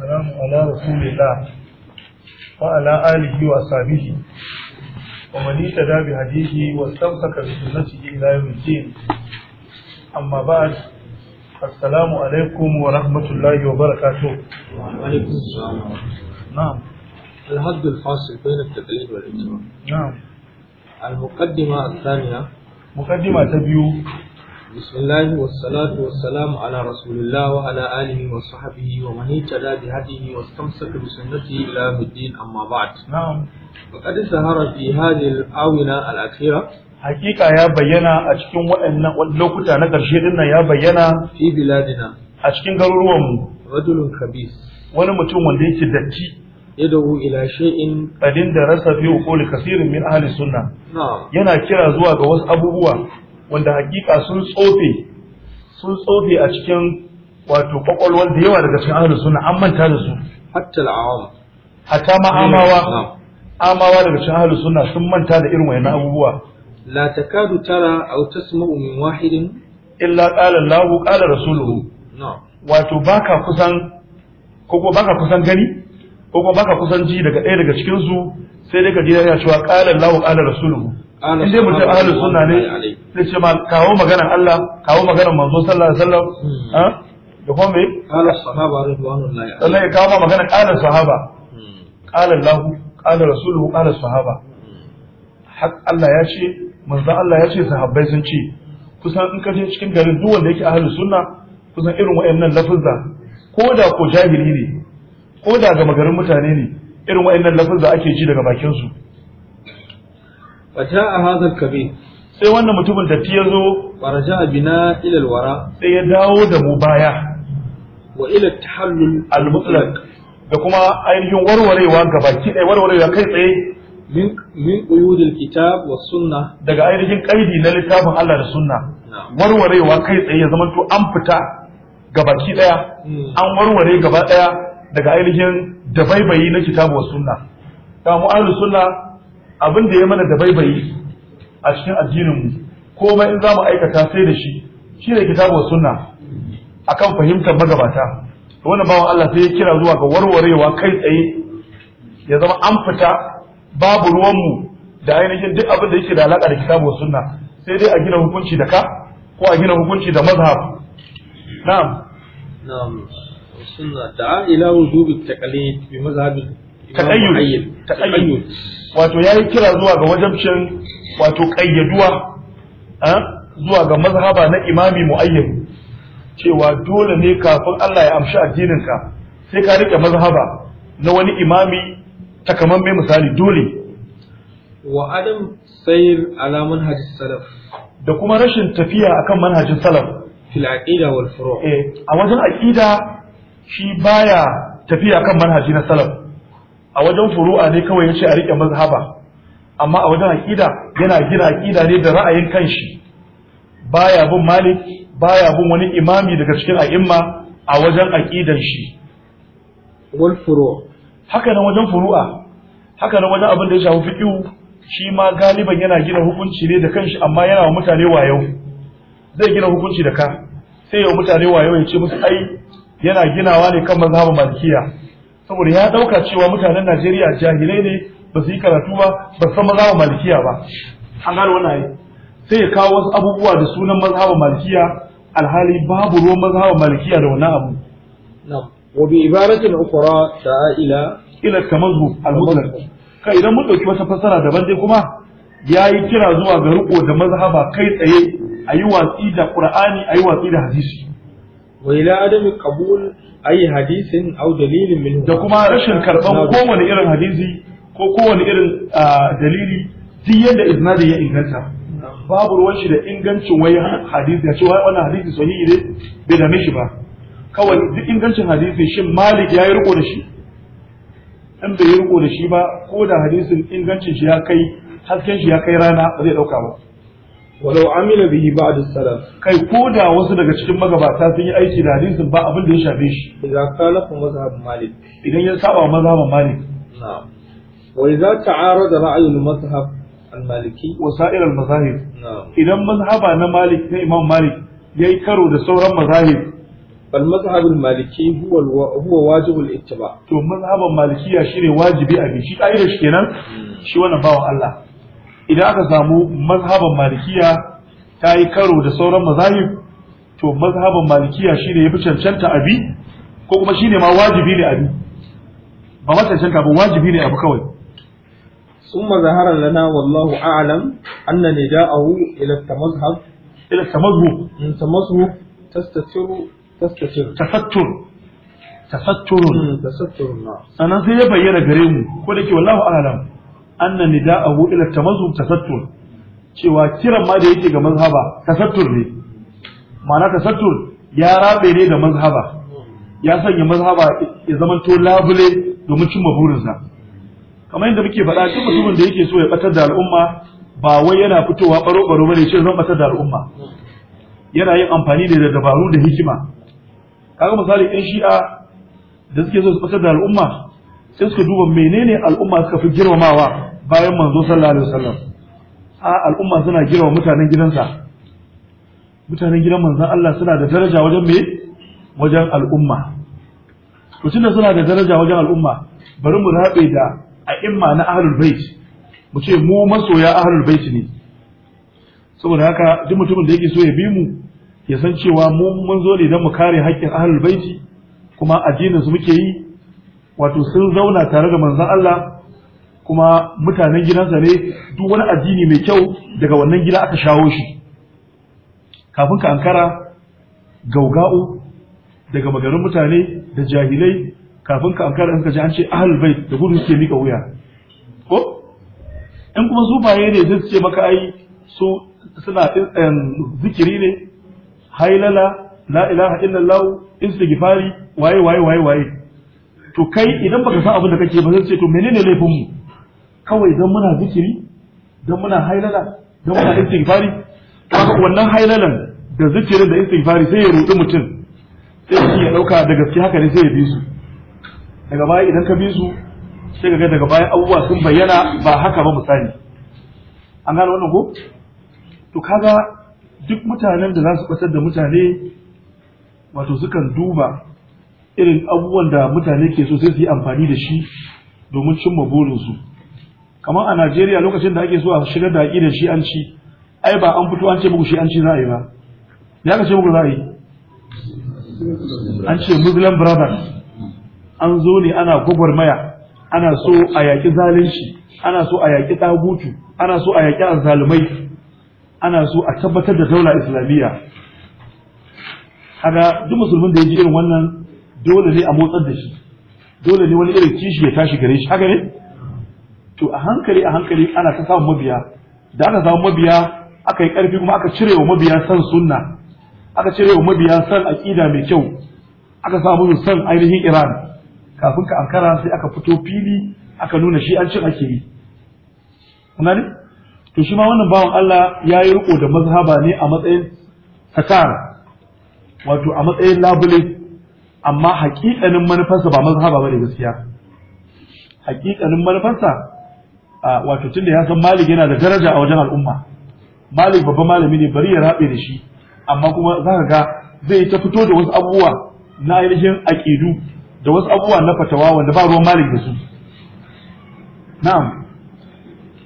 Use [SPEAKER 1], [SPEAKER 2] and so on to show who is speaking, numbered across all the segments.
[SPEAKER 1] والسلام على رسول الله وعلى آله وأصحابه ومن اهتدى بهديه واستمسك بسنته إلى يوم الدين أما بعد السلام عليكم ورحمة الله وبركاته وعليكم السلام نعم
[SPEAKER 2] الحد الفاصل بين التدريب والإجراء
[SPEAKER 1] نعم المقدمة الثانية مقدمة تبيو بسم الله والصلاة والسلام على رسول الله وعلى آله وصحبه ومن اهتدى بهديه واستمسك بسنته إلى يوم الدين أما بعد. نعم. وقد سهر في هذه الآونة الأخيرة hakika ya bayyana a cikin waɗannan lokuta na ƙarshe din ya bayyana fi a cikin garuruwan mu rajulun wani mutum wanda yake datti yadahu ila shay'in qadin da rasa fi uqul kaseerin min ahli sunna yana kira zuwa ga wasu abubuwa wanda hakika sun tsofe sun tsofe a cikin wato kwakwalwar da yawa daga cikin ahlus sunna an manta da su hatta al'awam hatta ma amawa amawa daga cikin ahlus sunna sun manta da irin wayannan abubuwa la takadu tara aw tasma'u min wahidin illa qala Allahu qala rasuluhu wato baka kusan ko baka kusan gani ko ko baka kusan ji daga ɗaya daga cikin su sai dai ka ji yana cewa qala Allahu qala rasuluhu in dai mutum ahlus sunna ne zai ce ma kawo maganar Allah kawo maganar manzo sallallahu alaihi wasallam hmm. da kuma me qala sahaba radwanullahi sannan ya kawo ma maganar qala sahaba hmm. qala Allah qala rasuluhu qala sahaba hmm. hak Allah ya ce manzo Allah ya ce sahabbai sun ce kusan in ka je cikin garin duk wanda yake ahlus sunna kusan irin wayannan lafuzza ko da ko jahili ne ko da ga magarin mutane ne irin wayannan lafuzza ake ji daga bakin su فجاء هذا الكبير sai wannan mutumin tafi ya zo faraja abina ilal wara sai ya dawo da mu baya wa ila tahallul al mutlaq da kuma ainihin warwarewa gabaki ɗaya warwarewa kai tsaye min min uyudul kitab wa sunna daga ainihin kaidi na littafin Allah da sunna
[SPEAKER 2] warwarewa kai
[SPEAKER 1] tsaye ya zama to an fita gabaki ɗaya hmm. an warware gaba ɗaya daga ainihin dabaibayi na kitabu wa sunna ta mu ahlus sunna abin da ya mana dabaibayi a cikin addinin mu komai in za mu aikata sai da shi shi ne kitabu wa sunna akan fahimtar magabata wannan bawan Allah sai ya kira zuwa ga warwarewa kai tsaye ya zama an fita babu ruwanmu da ainihin duk abin da yake da alaƙa da kitabu wa sunna sai dai a gina hukunci da ka ko a gina hukunci da mazhab na'am
[SPEAKER 2] na'am sunna da
[SPEAKER 1] ila wujubi taqlid bi mazhabi taqayyud taqayyud wato yayi kira zuwa ga wajabcin wato ƙayyaduwa ah, zuwa ga mazhaba na imami mu'ayyan cewa dole ne kafin Allah ya amshi addininka sai ka rike mazhaba na wani imami mai misali dole wa adam sayr ala manhaj salaf da kuma rashin tafiya akan manhajin salaf fil aqida wal furu' eh a wajen aqida shi baya tafiya kan manhaji na salaf a wajen furu'a ne kawai yace a rike mazhaba amma a wajen aƙida yana gina aƙida ne da ra'ayin kanshi baya bin malik baya bin wani imami daga cikin a'imma a wajen aƙidan shi wal furu haka nan wajen furu'a haka nan wajen abin da ya shafi fiqhu shi ma galiban yana gina hukunci ne da kanshi amma yana wa mutane wayo zai gina hukunci da ka sai ya mutane wayo ya ce musu ai yana ginawa ne kan mazhabin malikiya saboda ya dauka cewa mutanen Najeriya jahilai ne ba su yi karatu ba ba san mazhaban malikiya ba an gano wannan ai sai ya kawo wasu abubuwa da sunan mazhaban malikiya alhali babu ruwan mazhaban malikiya da wannan abu wa bi ibaratin ukra sa'ila ila tamazhub al-mutlaq kai idan mun dauki wata fassara daban dai kuma yayi kira zuwa ga riko da mazhaba kai tsaye ayi watsi da qur'ani ayi watsi da hadisi wa ila adami qabul ayi hadisin aw dalilin minhu da kuma rashin karban kowane irin hadisi ko kowane irin dalili duk yadda isnadin ya inganta babu ruwan shi da ingancin wai hadisi ya ce wai wannan hadisi sahihi ne bai dame shi ba kawai duk ingancin hadisi shin malik ya yi riko da shi in bai yi riko da shi ba ko da hadisin ingancin shi ya kai hasken shi ya kai rana ba zai dauka ba walau amila bihi ba'd salaf kai ko da wasu daga cikin magabata sun yi aiki da hadisin ba abin da ya shafe shi idan kana mazhabin malik idan ya saba mazhabin malik na'am وإذا تعارض رأي المذهب المالكي وسائر المذاهب نعم إذا مذهب أنا مالك إمام مالك يأي كرو ده سورة مذاهب فالمذهب المالكي هو الو... هو واجب الاتباع تو مذهب المالكي شيء واجبي أبي شيء أي شيء كنا شيء وانا باو الله إذا أكسامو مذهب المالكي تأي كرو ده سورة مذاهب to mazhaban malikiya shine yafi cancanta abi ko kuma shine ma wajibi ne abi ba ma cancanta ba wajibi ne abu kawai ثم ظهر لنا والله اعلم ان نداءه الى التمذهب الى التمذهب التمذهب تستتر تستتر تفتر تفتر تستتر انا في بيان غريم ko dake wallahu a'lam anna nida'ahu ila tamazzuh tasattur cewa kiran ma da yake ga mazhaba tasattur ne ma'ana tasattur ya rabe ne da mazhaba ya sanya mazhaba ya zama labule domin cimma maburinsa kamar yadda muke faɗa duk mutumin da yake so ya batar da al'umma ba wai yana fitowa baro baro bane shi zan batar da al'umma yana yin amfani ne da dabaru da hikima kaga misali ɗan shi'a da suke so su batar da al'umma sai suka duba menene al'umma suka fi girmamawa bayan manzo sallallahu alaihi wasallam a al'umma suna girma mutanen gidansa mutanen gidan manzon Allah suna da daraja wajen me wajen al'umma to tunda suna da daraja wajen al'umma bari mu rabe da a imma na ahlul bait mu ce mu masoya ahlul bait ne saboda haka duk mutumin da yake so ya bi mu ya san cewa mu mun zo ne don mu kare haƙƙin ahlul baiti kuma addinin su muke yi wato sun zauna tare da manzon Allah kuma mutanen gidansa ne duk wani addini mai kyau daga wannan gida aka shawo shi kafin ka ankara gauga'u daga magarin mutane da jahilai kafin ka ankara ka ji an ce ahal bai da gudu suke mika wuya ko in kuma baye ne zai ce maka ai su suna zikiri ne hailala la ilaha illallah istighfari waye waye waye waye to kai idan baka san abin da kake ba zai ce to menene laifin mu kawai dan muna zikiri dan muna hailala dan muna istighfari kaga wannan hailalan da zikirin da istighfari sai ya rudi mutum sai shi ya dauka da gaske haka ne sai ya bi su daga baya idan ka bi su sai ga daga baya abubuwa sun bayyana ba haka ba misali an gane wannan ko to kaga duk mutanen da za su batar da mutane wato sukan duba irin abubuwan da mutane ke so sai su yi amfani da shi domin cimma burinsu kamar a najeriya lokacin da ake so a shigar da aƙidar shi an ci ai ba an fito an ce muku shi an ci za a yi ba ya ka ce muku za a yi an ce muslim brothers an zo ne ana gubar maya ana so a yaƙi zalunci ana so a yaƙi tagutu ana so a yaƙi azzalumai ana so a tabbatar da daula islamiyya kaga duk musulmin da ya ji irin wannan dole ne a motsar da shi dole ne wani irin kishi ya tashi gare shi haka ne to a hankali a hankali ana ta samun mabiya da aka samu mabiya aka yi ƙarfi kuma aka cire wa mabiya san sunna aka cire wa mabiya san aƙida mai kyau aka samu san ainihin iran kafin ka ankara sai aka fito fili aka nuna shi an cin ake yi kuma ne to shi ma wannan bawan Allah ya yi riko da mazhaba ne a matsayin sakara wato a matsayin labule amma hakikanin manufarsa ba mazhaba bane gaskiya hakikanin manufarsa wato tunda ya san Malik yana da daraja a wajen al'umma Malik babban malami ne bari ya rabe da shi amma kuma zaka ga zai ta fito da wasu abubuwa na ainihin aƙidu da wasu abubuwa na fatawa wanda ba ruwan malik da su na'am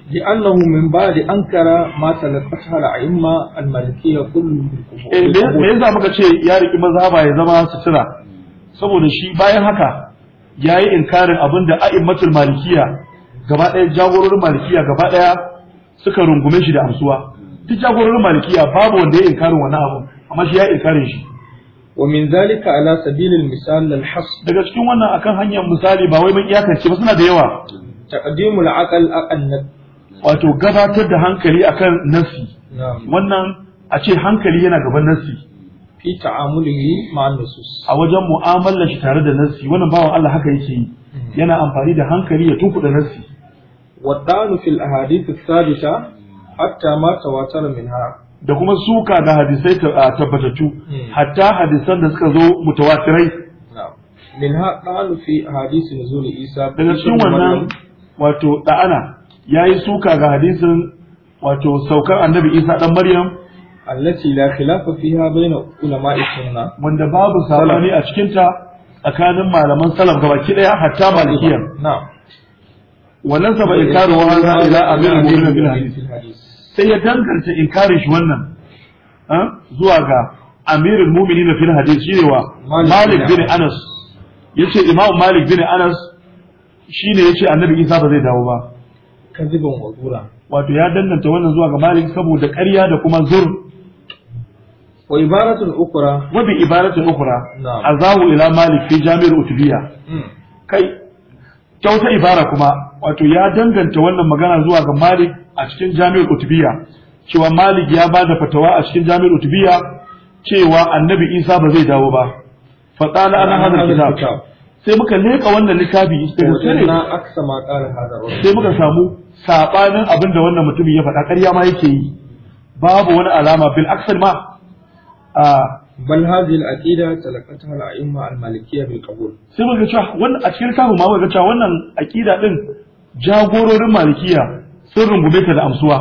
[SPEAKER 1] لأنه من بعد أنكر ما تلقته الأئمة المالكية eh me yasa muka ce ya riki mazhaba ya zama sutura saboda shi bayan haka yayi inkarin abinda da a'immatul malikiya gaba ɗaya jagororin malikiya gaba ɗaya suka rungume shi da amsuwa duk jagororin malikiya babu wanda ya inkarin wani abu amma shi ya inkarin shi wa min zalika ala sabilil misal daga cikin wannan akan hanyar misali ba wai mun iyakance ba suna da yawa taqdimul aqal an wato gabatar da hankali akan nafsi wannan a ce hankali yana gaban nafsi fi ta'amulihi ma'an nusus a wajen mu'amalar shi tare da nassi wannan bawan Allah haka yake yi hmm. yana amfani da hankali ya tunkuda nassi wa danu fil ahadith as-sadisa hatta ma tawatara minha da kuma suka na hadisai tabbatattu hmm. hatta hadisan da suka zo mutawatirai minha qalu fi hadisi nuzul isa daga cikin wannan wato da'ana yayi suka ga hadisin wato saukar annabi isa dan maryam allati la khilafa fiha baina ulama'i sunna wanda babu sabani a cikin ta tsakanin malaman salaf ki daya hatta malikiyan na'am wannan sabai karuwa ila amir mu'minin bil
[SPEAKER 2] hadis
[SPEAKER 1] sai ya danganta inkarin shi wannan zuwa ga amirul na fil hadis shine wa malik bin anas yace imam malik bin anas shine yace annabi isa ba zai dawo ba
[SPEAKER 2] kaziban wazura
[SPEAKER 1] wato ya danganta wannan zuwa ga malik saboda ƙarya da kuma zur wa ibaratul ukra wa bi ibaratul ukra azahu ila malik fi jami'ul utbiya hmm. kai ta wata ibara kuma wato ya danganta wannan magana zuwa ga Malik a cikin Jami'ul Utubiyya. cewa Malik ya ba da fatawa a cikin Jami'ul Utubiyya. cewa Annabi Isa ba zai dawo ba fa tsala ana hadha kitab sai muka leka wannan littafi sai sai muka samu sabanin abin da wannan mutumin ya faɗa ƙarya ma yake yi babu wani alama bil aksar ma a ah, bal hadhihi al-aqida talaqatha al-a'imma al-malikiyya bil qabul sai muka cewa wannan a cikin kafin ma muka cewa wannan aqida din jagororin malikiya sun rungume ta da amsuwa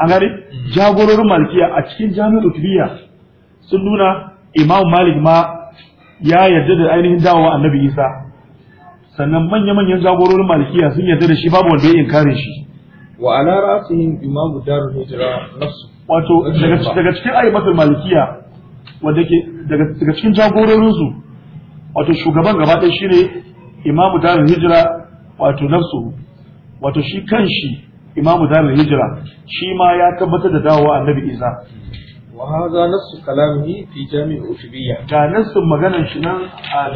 [SPEAKER 1] an gane hmm. jagororin malikiya a cikin jami'ul utubiyya sun nuna imam malik ma ya yarda da ainihin dawowa annabi isa sannan manya-manyan jagororin malikiya sun yarda da shi babu wanda ya inkare shi wa ala ra'sihim imam darul hijra nafsu wato daga cikin ayyatul malikiya wanda ke daga cikin jagororinsu wato shugaban gaba ɗaya ne imamu darul hijira wato nafsu wato shi kanshi imamu darul hijira shi ma ya tabbatar da dawowa annabi isa وهذا نص كلامه في جامع الأتبية كان نص مغانا شنان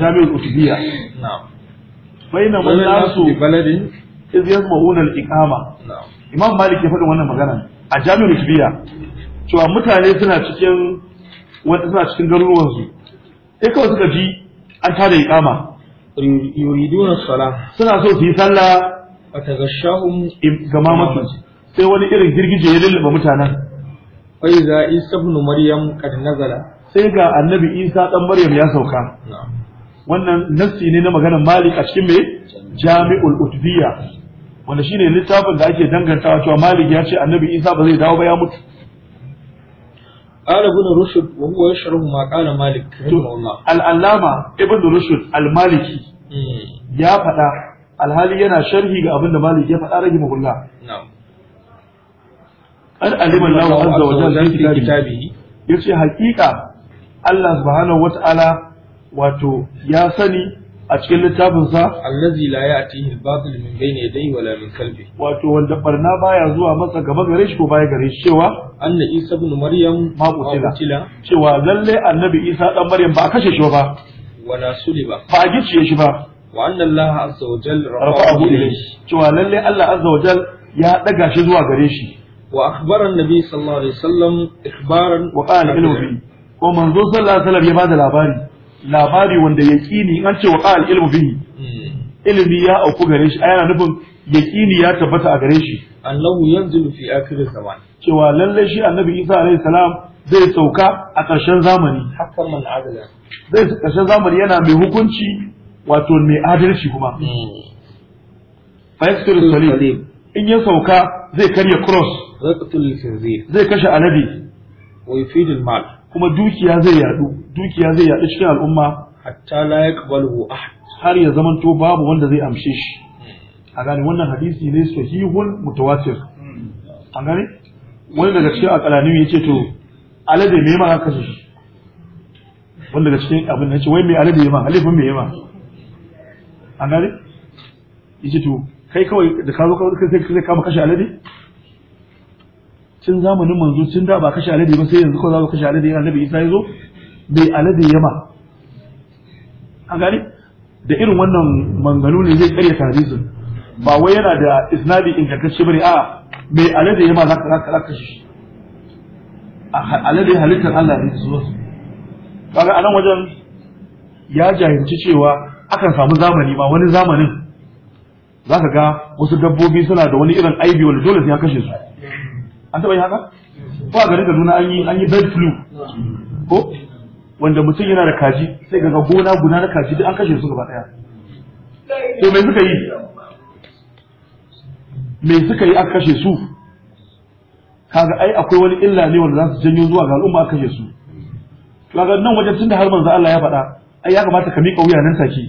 [SPEAKER 1] جامع الأتبية نعم بينما الناس ببلد إذ يسمعون الإقامة نعم إمام مالك يفعل وانا مغانا جامع الأتبية cewa mutane suna cikin wanda suna cikin garuruwan su sai kawai suka ji an tada kama yuriduna sala suna so su yi sallah gama masu sai wani irin girgije ya lullube mutanen isa ibn maryam nazala sai ga annabi isa dan maryam ya sauka wannan nassi ne na maganar malik a cikin mai jami'ul utbiya wanda shine littafin da ake dangantawa cewa malik ya ce annabi isa ba zai dawo ba ya mutu قال ابن رشد وهو يشرح ما قال مالك رحمه الله العلامة ابن رشد المالكي يا فدا alhali yana sharhi ga abinda Malik ya faɗa rage mahulla. An alima Allah azza wa jalla fi kitabihi hakika Allah subhanahu wata'ala wato ya sani a cikin littafinsa allazi la ya'tihi al-batil min bayni yadayhi wala min kalbi. wato wanda barna baya zuwa masa gaba gare shi ko baya gare shi cewa anna isa ibn maryam ma qutila cewa lalle annabi isa dan maryam ba kashe shi ba wala suliba ba a gicciye shi ba wa anna allah azza wa jalla rafa'ahu ilayhi cewa lalle allah azza wa jalla ya daga shi zuwa gare shi wa akhbara annabi sallallahu alaihi wasallam ikhbaran wa qala ilahu ko manzo sallallahu alaihi wasallam ya bada labari labari wanda yaqini an ce wa qal ilmu bihi hmm. ilimi ya auku gare shi yana nufin yaqini ya tabbata a gare shi annahu yanzilu fi akhir zaman cewa lalle shi annabi Isa alaihi salam zai sauka a ƙarshen zamani hakan man adala zai ƙarshen zamani yana mai hukunci wato mai adalci kuma hmm. fa yaktul salim in ya sauka zai karya cross zai kashe alabi wa yufidul mal kuma dukiya zai yadu dukiya zai yadu cikin al'umma hatta la yaqbalu ahad har ya zamanto babu wanda zai amshe shi a gane wannan hadisi ne sahihun mutawatir an gane wani daga cikin akalani yace to alade me ma haka shi wani daga cikin abin da yace wai me alade ma halifin me ma an gane yace to kai kawai da ka zo kawai sai ka kama kashe alade cin zamanin manzo cin da ba kashe alade ba sai yanzu ko za ka kashe alade yana nabi isa ya zo bai alade yama A gari da irin wannan manganu ne zai karya tarihi ba wai yana da isnadi ingantacce bane a bai alade yama za ka kashe shi alade halittar Allah ne zuwa kaga anan wajen ya jahilci cewa akan samu zamani ba wani zamanin za ka ga wasu dabbobi suna da wani irin aibi wanda dole sai ya kashe su an taɓa yi haka ko a garin Kaduna an yi an yi bird flu ko wanda mutum yana da kaji sai ga gona guna na kaji duk an kashe su gaba daya to me suka yi me suka yi an kashe su kaga ai akwai wani illa ne wanda za su janyo zuwa ga al'umma an kashe su kaga nan wajen tunda har manzo Allah ya faɗa ai ya kamata ka miƙa wuya nan take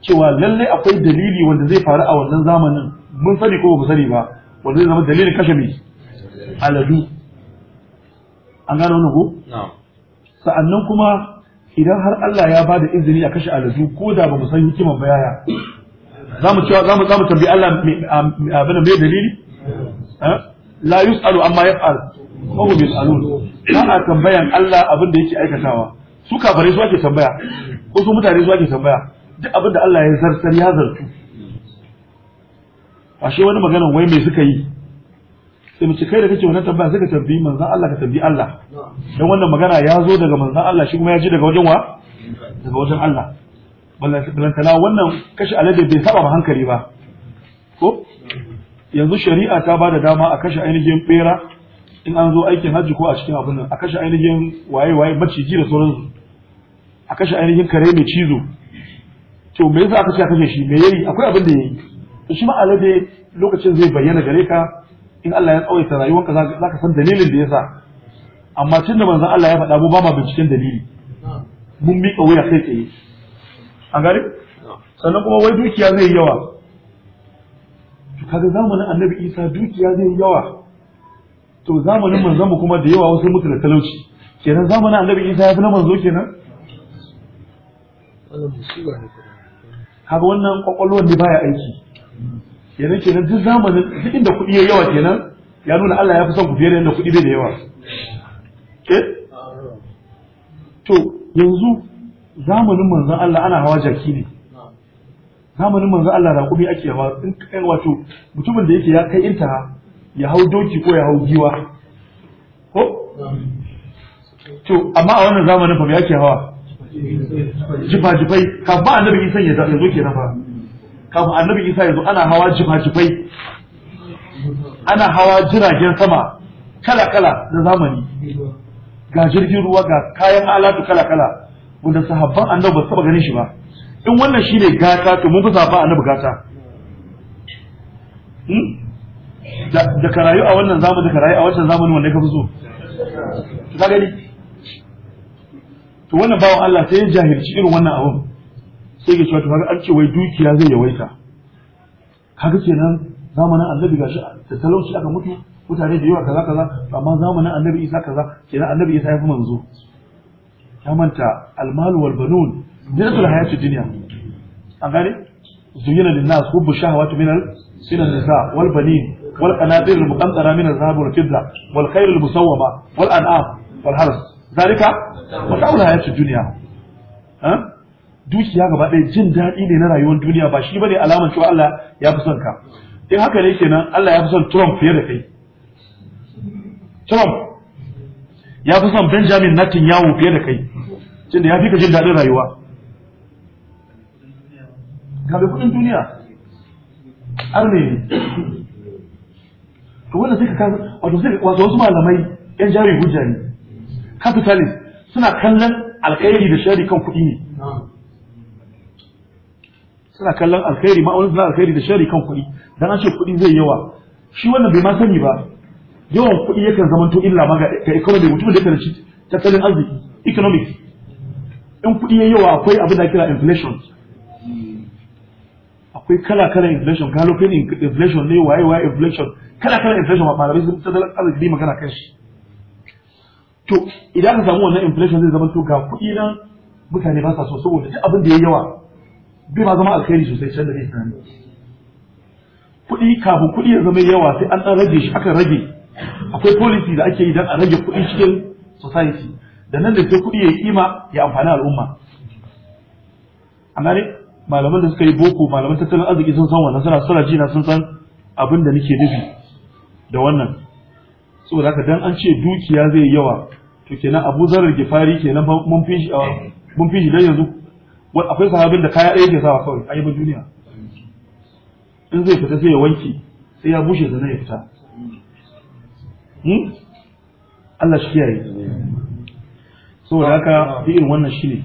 [SPEAKER 1] cewa lallai akwai dalili wanda zai faru a wannan zamanin mun sani ko ba mu sani ba wanda zai zama dalilin kashe mai aladu an gano wani ko sa'annan kuma idan har Allah ya bada izini a kashe aladu ko da ba mu san hikiman ba yaya za mu cewa za mu tambayi Allah abin mai dalili eh? la yus'alu amma yaf'al kawo hum yus'alun ba a tambayan Allah abin da yake aikatawa su kafare su ake tambaya ko su mutane su ake tambaya duk abin da Allah ya zartar ya zartu ashe wani maganan wai mai suka yi sai mu kai da kake wannan tambaya sai ka tambayi manzon Allah ka tambayi Allah dan wannan magana ya zo daga manzon Allah shi kuma ya ji daga wajen wa daga wajen Allah balantana wannan kashe alade bai saba ba hankali ba ko yanzu shari'a ta ba da dama a kashe ainihin bera in an zo aikin hajji ko a cikin abin nan a kashe ainihin waye-waye maciji da sauransu a kashe ainihin kare mai cizo to me yasa aka ce a kashe shi me yayi akwai abin da yayi to shi ma alade lokacin zai bayyana gare ka in Allah ya tsawaita rayuwanka za ka san dalilin da ya sa amma tun da manzan Allah ya faɗa mu ba ma binciken dalili mun miƙa wuya kai tsaye an gari sannan kuma wai dukiya zai yawa to kaga zamanin annabi isa dukiya zai yawa to zamanin manzan mu kuma da yawa wasu mutu da talauci kenan zamanin annabi isa ya fi na manzo kenan kaga wannan kwakwalwar ne baya aiki kenan kenan duk zamanin duk inda kuɗi ya yawa kenan ya nuna Allah ya fi son ku fiye da inda kuɗi bai da yawa ke eh? to yanzu zamanin manzon Allah ana hawa jaki ne zamanin manzon Allah kuɗi ake hawa in kai wato mutumin da yake ya kai inta ya hau doki ko ya hau giwa ko to amma a wannan zamanin fa me yake hawa jifa jifai kafin annabi isan ya zo kenan fa kafin annabi isa yanzu ana hawa jifa-jifai ana hawa jiragen sama kala-kala na zamani ga jirgin ruwa ga kayan alatu kala-kala wanda sahabban annabi ba su taba ganin shi ba in wannan shi ne gata to mun fi sahabban annabi gata hmm? da ka rayu a wannan zamani da ka rayu a wancan zamani wanda ka fi so ka gani to wannan bawan Allah sai ya jahilci irin wannan abun sai ke cewa kamar an ce wai dukiya zai yawaita kaga kenan zamanin annabi gashi da talauci aka mutu mutane da yawa kaza kaza amma zamanin annabi isa kaza kenan annabi isa ya fi manzo ya manta almalu wal banun jinsul hayatid dunya an gane zuyina lin nas hubbu shahawati min min nisa wal banin wal qanatir al muqantara min al zahab wal fidda wal khayl al musawwama wal an'am wal haras zalika mata'ul hayatid dunya ha dukiya gaba ɗaya jin daɗi ne na rayuwar duniya ba shi ne alamar cewa Allah ya fi son ka in haka ne kenan Allah ya fi son Trump fiye da kai Trump ya fi son Benjamin Netanyahu fiye da kai da ya fi ka jin daɗin rayuwa ga bai kudin duniya arne ne to wanda sai ka kan wato sai wato wasu malamai yan jari hujja ne capitalist suna kallon alkhairi da shari kan kuɗi ne suna kallon alkhairi ma'aunin suna alkhairi da shari kan kuɗi dan an ce kuɗi zai yawa shi wannan bai ma sani ba yawan kuɗi yakan zama to illa ma ga economy mutum da yake tattalin arziki economics in kuɗi yayi yawa akwai abin da kira inflation akwai kala kala inflation lokacin inflation ne waye waye inflation kala kala inflation ba malamai sun tattalin arziki magana kan shi to idan ka samu wannan inflation zai zama to ga kuɗi nan mutane ba sa so saboda duk abin da yayi yawa bai ma zama alkhairi sosai can da kai kuɗi kafin kuɗi ya zama yawa sai an ɗan rage shi aka rage akwai policy da ake yi don a rage kuɗi cikin society da nan da sai kuɗi ya kima ya amfani al'umma amma ne malaman da suka yi boko malaman tattalin arziki sun san wannan suna jina sun san abin da nake nufi da wannan saboda haka dan an ce dukiya zai yawa to kenan Abu Zarar Gifari kenan mun fi shi mun fi shi dan yanzu akwai sahabin da kaya ɗaya ke sawa kawai a yi ba duniya in zai fita sai ya wanke sai ya bushe sannan ya fita hmm? Allah shi kiyaye saboda haka irin wannan shi ne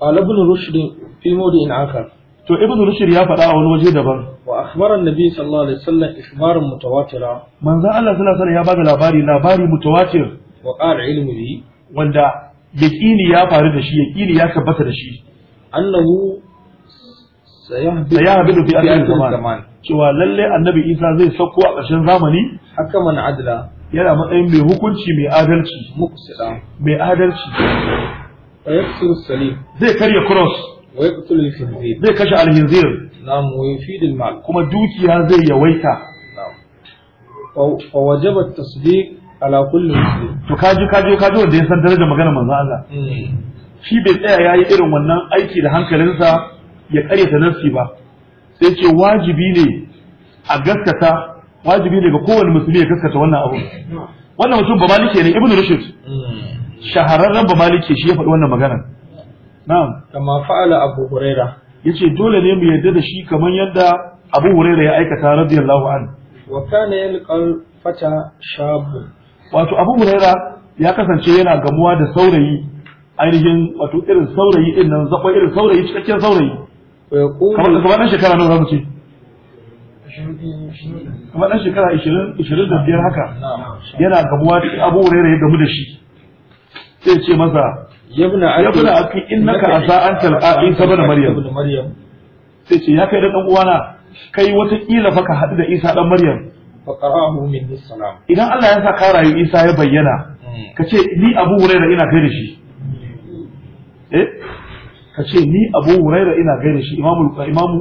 [SPEAKER 1] ibn rushd fi mawdi'in akar to ibn rushd ya faɗa a wani waje daban wa akhbara annabi sallallahu alaihi wasallam ikhbaran mutawatira manzo Allah sallallahu alaihi wasallam ya bada labari labari mutawatir wa qala ilmi wanda yaqini ya faru da shi yaqini ya tabbata da shi annahu sayahbidu fi akhir zaman cewa lalle annabi Isa zai sauko a ƙarshen zamani hakaman adla yana matsayin mai hukunci mai adalci muqsida adalci fa yaksuru salim zai karya cross
[SPEAKER 2] wa yaqtulu al-khinzir zai kashe
[SPEAKER 1] al-khinzir na'am wa yufidu kuma dukiya zai yawaita na'am fa wajaba at-tasdiq ala kulli to kaji kaji wanda ya san darajar maganar manzo Allah
[SPEAKER 2] hmm.
[SPEAKER 1] shi bai tsaya ya yi irin wannan aiki da hankalinsa ya karyata nassi ba sai ce wajibi ne a gaskata wajibi ne ga kowane musulmi ya gaskata wannan abu wannan mutum ba malike ne ibnu rushd shahararren ba malike shi ya faɗi wannan magana na'am kama fa'ala abu huraira yace dole ne mu yarda da shi kamar yadda abu huraira ya aikata radiyallahu an wa kana yalqal fata shabu wato abu huraira ya kasance yana gamuwa da saurayi ainihin wato irin saurayi din nan zaɓa irin saurayi cikakken saurayi kamar kamar ɗan shekara nawa za mu ce kamar ɗan shekara ishirin ishirin da biyar haka yana gabuwa gamuwa abu wurare ya gamu da shi sai ce masa yabna aki innaka asa anta al'aqi sabana maryam sai ce ya kai da dan uwana kai wata kila fa ka haɗu da isa dan maryam faqarahu min salam idan Allah ya sa ka rayu Isa ya bayyana hmm. ka ce ni Abu Hurairah ina kai da shi E, ka ce ni abu huraira ina gaida shi imamu imamu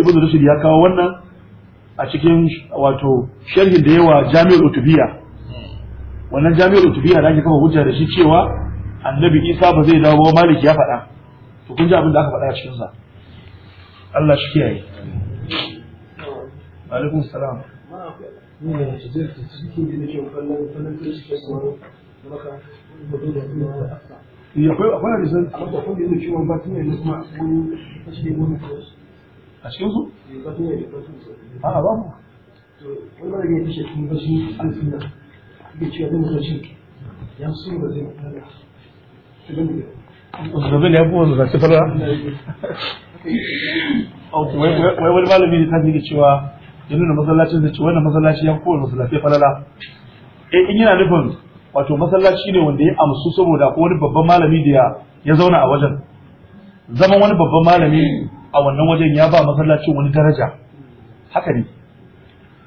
[SPEAKER 1] ibn rushd ya kawo wannan a cikin wato sharhin da yawa jami'ul utubiya wannan jami'ul utubiya da ake kafa hujja da shi cewa annabi isa ba zai dawo ba malik ya faɗa to kun ji abin da aka faɗa a cikin sa Allah shi kiyaye alaikum salam
[SPEAKER 2] cikin da kallon kallon maka da dole ne
[SPEAKER 1] akwai akwai hadisan da yana cewa a cikin
[SPEAKER 2] su eh, a a wani shi an ya su ba zai ya
[SPEAKER 1] Wai wani malami ne ta cewa ya nuna masallacin zai ce masallaci ya kowane masallaci falala. Eh, in yana nufin wato masallaci ne wanda ya amsu saboda ko wani babban malami da ya zauna a wajen zaman wani babban malami a wannan wajen ya ba masallacin wani daraja haka ne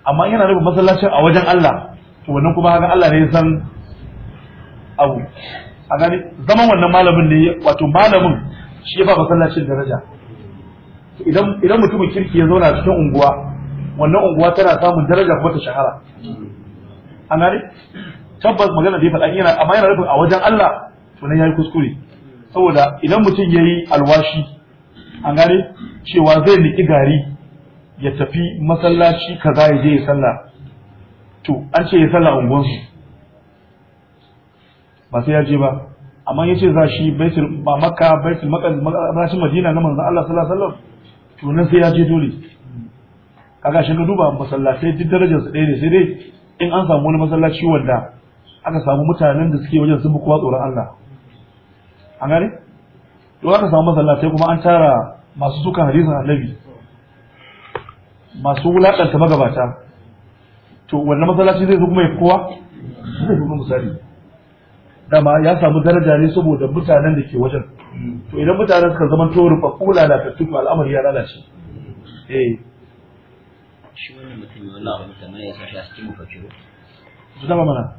[SPEAKER 1] amma yana nufin masallacin a wajen Allah to wannan kuma haka Allah ne ya san abu a gani zaman wannan malamin ne wato malamin shi ya ba masallacin daraja idan idan mutumin kirki ya zauna cikin unguwa wannan unguwa tana samun daraja kuma ta shahara an gani tabbas magana da ya faɗa yana amma yana rufin a wajen Allah to nan yayi kuskure saboda idan mutum yayi alwashi an gane cewa zai niki gari ya tafi masallaci kaza ya je ya sallah to an ce ya sallah unguwan su ba sai ya je ba amma yace za shi baitul ba makka baitul maqdis madina na manzon Allah sallallahu alaihi wasallam to nan sai ya je dole kaga shi ka duba masallatai duk darajar su ɗaya ne sai dai in an samu wani masallaci wanda aka samu mutanen da suke wajen sun fi kowa tsoron Allah an gane yau aka samu sai kuma an tara masu sukan hadisin annabi masu wulaƙanta magabata to wannan masallaci zai zo kuma ya fi kowa zai fi misali dama ya samu daraja ne saboda mutanen da ke wajen to idan mutanen suka zama to rufaffu lalatattu to al'amari ya lalace eh
[SPEAKER 2] shi wannan mutum ya wallahi mutum ne ya shi a cikin mafakiru
[SPEAKER 1] su dama mana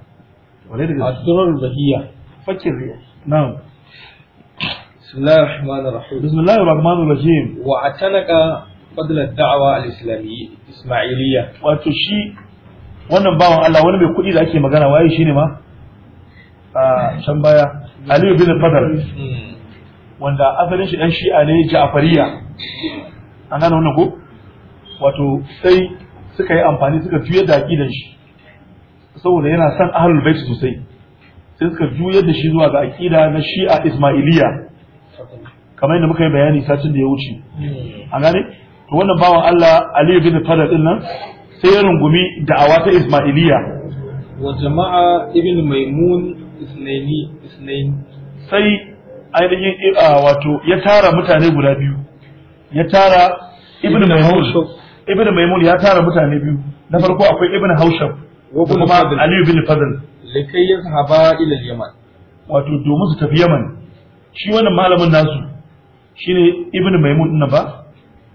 [SPEAKER 1] الدرر البهية فكر نعم بسم الله الرحمن الرحيم بسم الله الرحمن الرحيم واعتنق فضل الدعوة الإسلامية الإسماعيلية وتشي wannan bawan Allah wani mai kuɗi da ake magana waye shi ne ma a can baya Aliyu bin Badar wanda asalin shi dan shi'a ne Ja'fariya an gane wannan ko wato sai suka yi amfani suka fiye da aqidan shi saboda yana son ahlul bait sosai sai suka juyar da shi zuwa ga aqida na shi'a ismailiya kamar yadda muka yi bayani satin da ya wuce a gane to wannan bawan Allah Ali bin Fadl din nan sai ya rungumi da'awa ta ismailiya wa jama'a ibn maimun isnaini isnain sai ainihin wato ya tara mutane guda biyu ya tara ibn maimun ibn maimun ya tara mutane biyu na farko akwai ibn haushab kuma Ali bin Fadl likai ila Yaman wato domin su tafi Yaman shi wannan malamin nasu shine Ibn Maimun din ba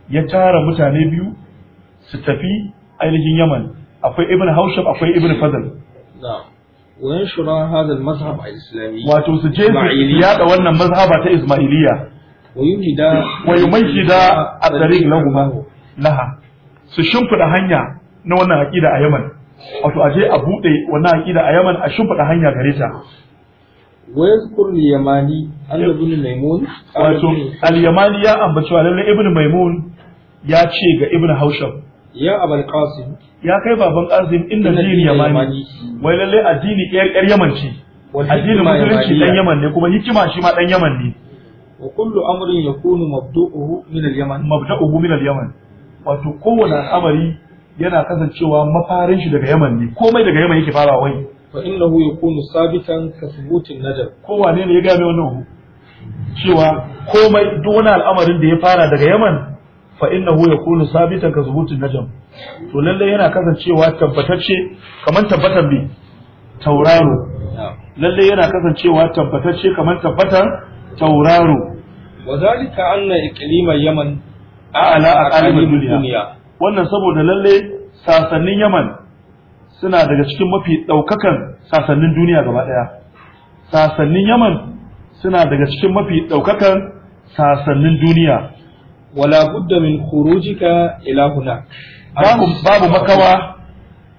[SPEAKER 1] ya tara mutane biyu su tafi ainihin Yaman akwai Ibn Haushab akwai Ibn Fadl
[SPEAKER 2] na'am وينشر هذا المذهب الإسلامي وتسجد وأن
[SPEAKER 1] مذهب إسماعيلية ويمهد ويمهد الطريق لهما لها سشنف الهنيا نوانا wato aje a buɗe wannan aqida a Yaman a shimfiɗa hanya gare ta ويذكر اليماني أن ابن ميمون wato al-yamani ya ambaci wa lalle ibn maimun ya ce ga ibn haushab ya abul qasim ya kai baban qasim inda dini yamani wai lalle addini ƙyar ƙyar yaman ce addinin musulunci dan yaman ne kuma hikima shi ma dan yaman ne wa kullu amrin yakunu mabdu'uhu min al-yaman mabda'uhu min al-yaman wato kowane al'amari yana kasancewa mafarin shi daga yaman ne komai daga yaman yake fara wai fa innahu yakunu sabitan ka thubutin najar kowane ne ya gane wannan cewa komai duk wani al'amarin da ya fara daga yaman fa innahu yakunu sabitan ka thubutin najar to lalle yana kasancewa tabbatacce kamar tabbatar bi tauraro lalle yana kasancewa tabbatacce kamar tabbatar tauraro wa zalika anna iqlima yaman a'la aqalli dunya wannan saboda lalle sasannin yaman suna daga cikin mafi ɗaukakan sasannin duniya gaba ɗaya sasannin yaman suna daga cikin mafi ɗaukakan sasannin duniya wala budda min khurujika ila
[SPEAKER 2] babu babu makawa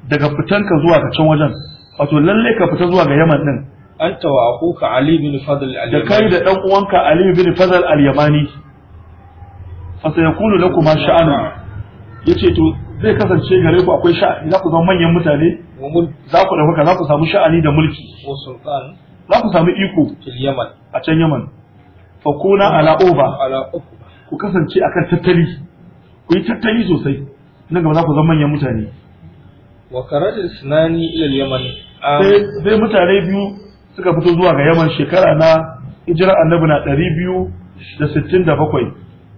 [SPEAKER 1] daga fitanka zuwa ga can wajen wato lalle ka fita zuwa ga yaman din anta wa akuka ali bin fadl al da kai da dan uwanka ali bin fadl al yamani fa sayakunu lakuma sha'anu ya ce to zai kasance gare ku akwai sha'ani za ku zama manyan mutane za ku ɗaukaka za ku samu sha'ani da mulki za ku samu iko a can yaman fakuna ala oba ku kasance akan tattali ku yi tattali sosai nan gaba za ku zama manyan mutane wa karaja sunani ilal yaman sai mutane biyu suka fito zuwa ga yaman shekara na hijira annabi na ɗari biyu da sittin da bakwai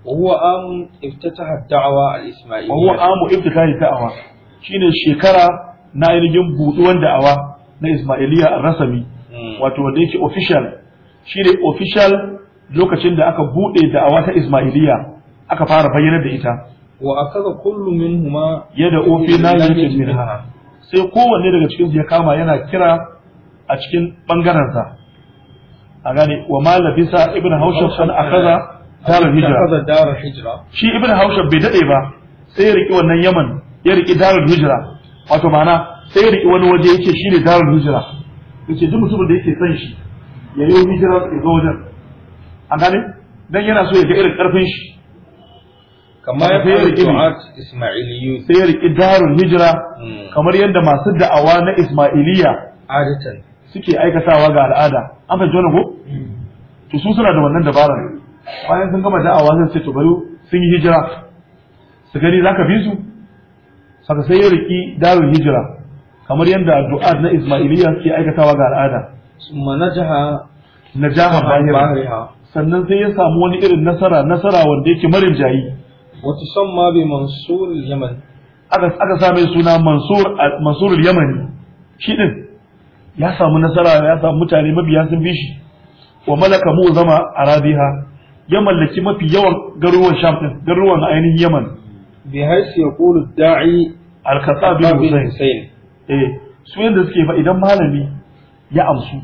[SPEAKER 1] وهو عام افتتح الدعوة الإسماعيلية وهو عام افتتاح الدعوة شين الشكرة نائل جنبوت والدعوة na Ismailiya Rasami wato wanda yake official shi ne official lokacin da aka bude da'awa ta Ismailiya aka fara bayyana da ita wa akaza kullu minhuma yada ofi na yake minha sai kowanne daga cikin ya kama yana kira a cikin bangaren sa a gane wa ma labisa ibn haushab san akaza darar hijira shi ibn haushab bai dade ba sai ya riki wannan yaman ya riki darar hijira wato ma'ana sai ya riƙi wani waje ya ce shi ne darar hijira ce duk mutumin da yake son shi ya yi hijira ya zo wajen an gane dan yana so ya ga irin ƙarfin shi
[SPEAKER 2] kamar ya riƙi ismailiyu
[SPEAKER 1] sai ya riƙi darar hijira kamar yadda masu da'awa na Isma'iliya suke aikatawa ga al'ada an fahimci wani ko hmm. to su suna da wannan dabarar bayan sun gama da'awa sai ce to bari sun yi hijira su gani ka bi su saka sai ya riki darul hijira kamar yadda du'a na ismailiya ke aikatawa ga al'ada manajaha najaha bahira sannan sai ya samu wani irin nasara nasara wanda yake marin jayi san ma bi mansur al-yaman aka aka same suna mansur mansur al-yamani shi din ya samu nasara ya samu mutane mabiya sun bi shi wa malaka mu zama arabiha ya mallaki mafi yawan garuruwan sham din garuruwan ainihin yaman bi ya kulu da'i al bin eh su yanda suke fa idan malami ya amsu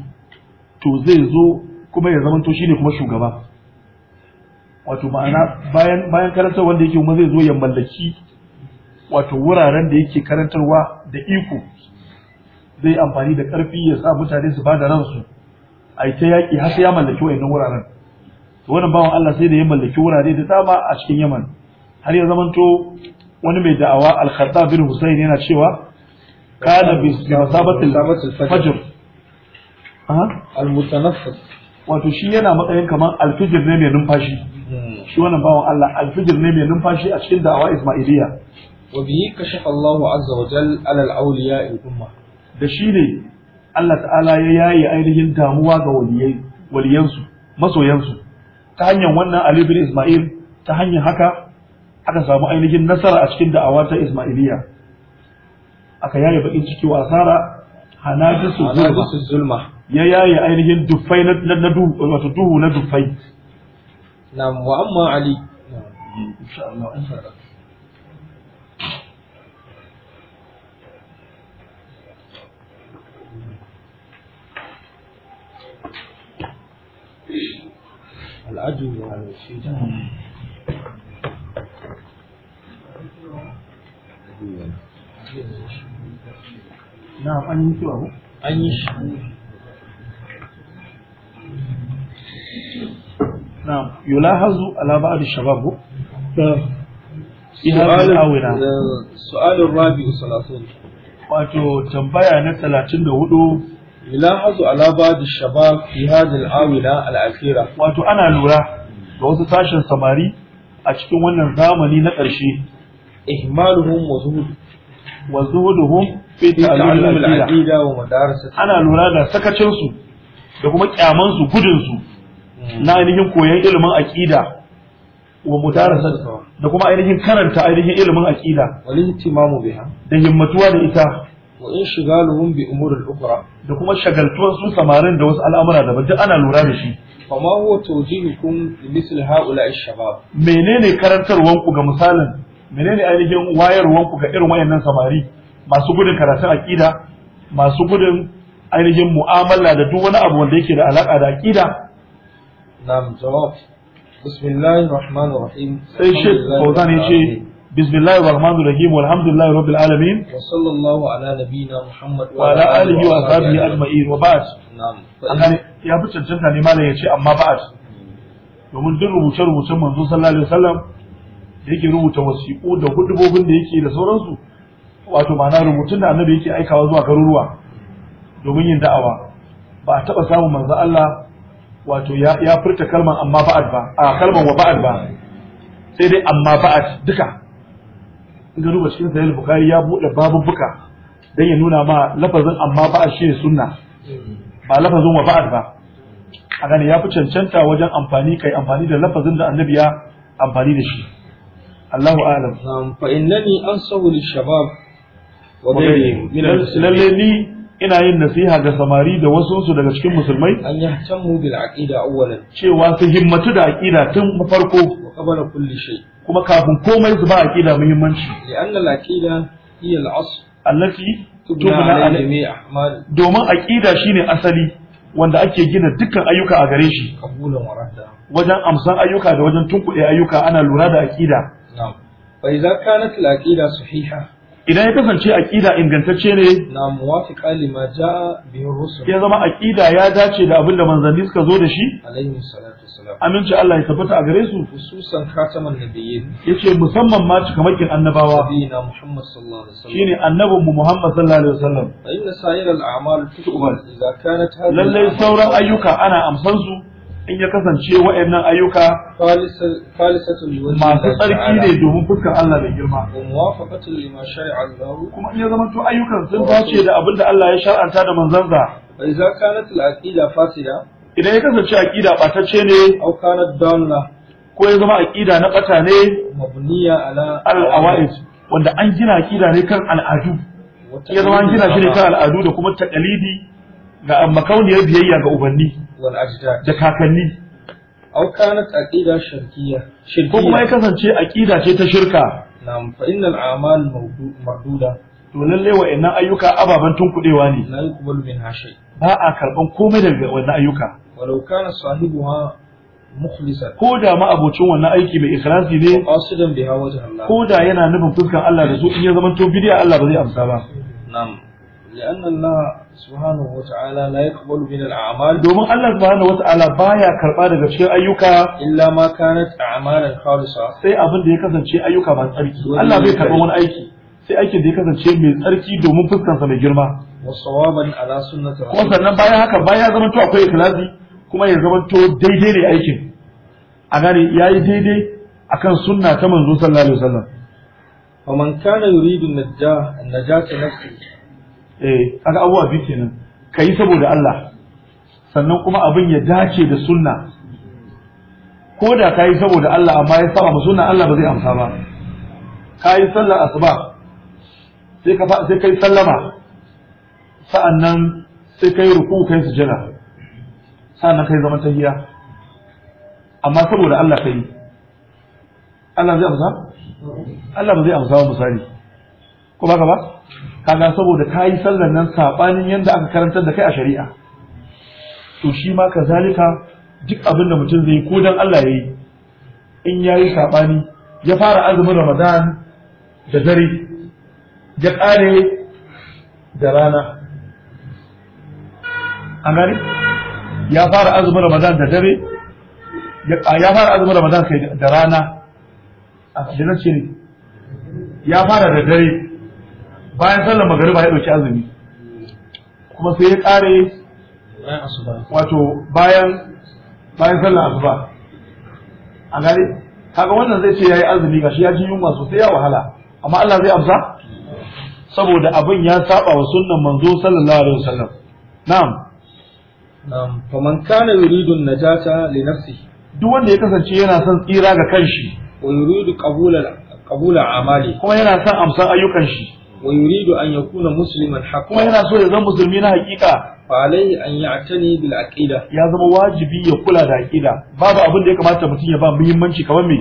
[SPEAKER 1] to zai zo kuma ya zama to shine kuma shugaba wato ma'ana bayan bayan karantar wanda yake kuma zai zo ya mallaki wato wuraren da yake karantarwa da iko zai amfani da karfi ya sa mutane su bada ransu a ta yaƙi har sai ya mallaki wayannan wuraren to wannan bawan Allah sai da ya mallaki wurare da dama a cikin Yaman har ya zamanto wani mai da'awa al-Khattab bin Husayn yana cewa kana bi masabatil fajr al-mutanaffis wato shi yana matsayin kamar alfijir ne mai numfashi shi wannan bawan Allah alfijir ne mai numfashi a cikin da'awa Ismailiyya wa bihi kashafa Allahu azza wa jal ala al-awliya al-umma da shi ne Allah ta'ala ya yayi ainihin damuwa ga waliyai waliyansu masoyansu ta hanyar wannan Ali bin Ismail ta hanyar haka aka samu ainihin nasara a cikin da'awa ta Ismailiyya aka yaye bakin ciki wa asara hanajisu zulma ya yaye ainihin dufai na duhu wato duhu na dufai Ali insha Allah
[SPEAKER 2] العدو والشجاع نعم أن
[SPEAKER 1] يشوه أن يشوه نعم يلاحظ على بعض الشباب سؤال الرابع ثلاثون wato tambaya na talatin da hudu يلاحظ على بعض الشباب في هذه الآونة الأخيرة wato ana lura da wasu sashen samari a cikin wannan zamani na ƙarshe ihmaluhum wa zuhud wa zuhuduhum fi ta'allum al-aqida wa madaris ana lura da sakacin su da kuma kyaman su gudun su na ainihin koyon ilimin aqida wa mudarasa da kuma ainihin karanta ainihin ilimin aqida wal ihtimamu biha da himmatuwa da ita wa in shigaluhum bi umuril ukra da kuma shagaltuwar su samarin da wasu al'amura da duk ana lura da shi fa ma huwa tawjihukum li misl haula ash-shabab menene karantarwan ku ga misalin menene ainihin wayarwan ku ga irin wayannan samari masu gudun karatun aqida masu gudun ainihin mu'amala da duk wani abu wanda yake da alaka da aqida
[SPEAKER 2] na'am jawab bismillahir rahmanir rahim sai shi fawzan yace
[SPEAKER 1] بسم الله الرحمن الرحيم والحمد لله رب العالمين وصلى الله على نبينا محمد وعلى اله واصحابه اجمعين وبعد نعم ya fi cancanta ne malam ya ce amma ba'ad domin duk rubuce-rubucen manzo sallallahu alaihi wasallam da yake rubuta wasiƙu da hudubobin da yake da sauransu wato ma'ana rubutun da annabi yake aikawa zuwa garuruwa domin yin da'awa ba a taɓa samun manzo Allah wato ya furta kalman amma ba'ad ba a kalman wa ba'ad ba sai dai amma ba'ad duka in ga duba cikin sahih bukhari ya bude babubuka dan ya nuna ma lafazin amma ba shi sunna ba lafazin wa ba'ad ba a gani ya fi cancanta wajen amfani kai amfani da lafazin da annabi ya amfani da shi Allahu a'lam fa innani ansahu shabab wa ghayrihim lalle ni ina yin nasiha ga samari da wasu su daga cikin musulmai an yahtamu bil aqida awwalan cewa su himmatu da aqida tun farko wa qabala kulli shay kuma kafin komai su ba aqida muhimmanci li'anna al-aqida hiya al-asl allati tubna al-jami'a domin aqida shine asali wanda ake gina dukkan ayyuka a gare shi wajen amsan ayyuka da wajen tunkuɗe ayyuka ana lura da aqida fa idza kanat al-aqida sahiha idan ya kasance aqida ingantacce ne na muwafiqa lima jaa rusul ya zama aqida ya dace da abinda manzanni suka zo da shi alaihi salatu wassalam aminci Allah ya tabbata a gare su hususan khataman nabiyyin yace musamman ma cikamakin annabawa dina muhammad sallallahu alaihi wasallam shine annabin mu muhammad sallallahu alaihi wasallam inna sa'ir al a'mal idza kanat lallai sauran ayyuka ana amsan su in ya kasance wa'annan ayyuka masu tsarki ne domin fuskar Allah da girma kuma in ya zama to ayyukan sun dace da abin da Allah ya shar'anta da manzanza idan ya kasance aqida batacce ne ko ya zama aqida na bata ne
[SPEAKER 2] mabniya ala
[SPEAKER 1] al-awa'id wanda an gina aqida ne kan al'adu
[SPEAKER 2] ya zama an gina shi ne kan al'adu
[SPEAKER 1] da kuma taqalidi ga makauniyar biyayya ga ubanni wal ajdad da kakanni aw kanat aqida shirkiyya ko kuma ya kasance aqida ce ta shirka na'am fa innal a'mal marduda to lalle wa'annan ayyuka ababan tunkudewa ne la yuqbalu min hashay ba a karban komai daga wannan ayyuka walau kana sahibuha mukhlisan ko da ma abocin aiki mai ikhlasi ne qasidan biha wajh Allah ko da yana nufin fuskan Allah da su in ya zama to a Allah ba zai amsa ba subhanahu wata'ala la yaqbalu min al-a'mal domin Allah subhanahu wata'ala baya karba daga cikin ayyuka illa ma kanat a'malan khalisa sai abin da ya kasance ayyuka masu tsarki Allah bai karba wani aiki sai aikin da ya kasance mai tsarki domin fuskansa mai girma wa sawaban ala sunnati ko sannan bayan haka bayan zaman to akwai ikhlasi kuma ya zaman to daidai ne aikin a gane yayi daidai akan sunna ta manzo sallallahu alaihi wasallam ومن كان يريد النجاة النجاة نفسه eh aka abubuwa biyu kenan ka yi saboda Allah sannan kuma abin ya dace da sunna ko da ka yi saboda Allah amma ya saba ma sunna Allah ba zai amsa ba ka yi sallar asuba sai ka sai kai sallama sa'annan sai kai ruku kai sujada sa'annan kai zaman tahiyya amma saboda Allah kai Allah zai amsa Allah ba zai amsa ba misali ko baka ba kaga saboda ka yi sallar nan saɓanin yadda aka karantar da kai a shari'a to shi ma kazalika duk abin da mutum zai yi ko dan Allah ya yi in ya yi saɓani ya fara azumin ramadan da dare ya ƙare da rana an gani ya fara azumin ramadan da dare ya fara azumin ramadan sai da rana a ce ne ya fara da dare bayan sallar magariba ya dauki azumi kuma sai ya kare wato bayan bayan sallar asuba a gare kaga wannan zai ce yayi azumi gashi ya ji yunwa sosai ya wahala amma Allah zai amsa saboda abin ya saba wa sunnan manzo sallallahu alaihi wasallam na'am na'am faman kana yuridu najata li nafsihi duk wanda ya kasance yana son tsira ga kanshi wa yuridu qabula qabula amali kuma yana son amsa ayyukan shi wa yuridu an yakuna musliman haqqan kuma yana so ya zama musulmi na hakika fa alaihi an ya'tani bil aqida ya zama wajibi ya kula da aqida babu abin da ya kamata mutum ya ba muhimmanci kamar me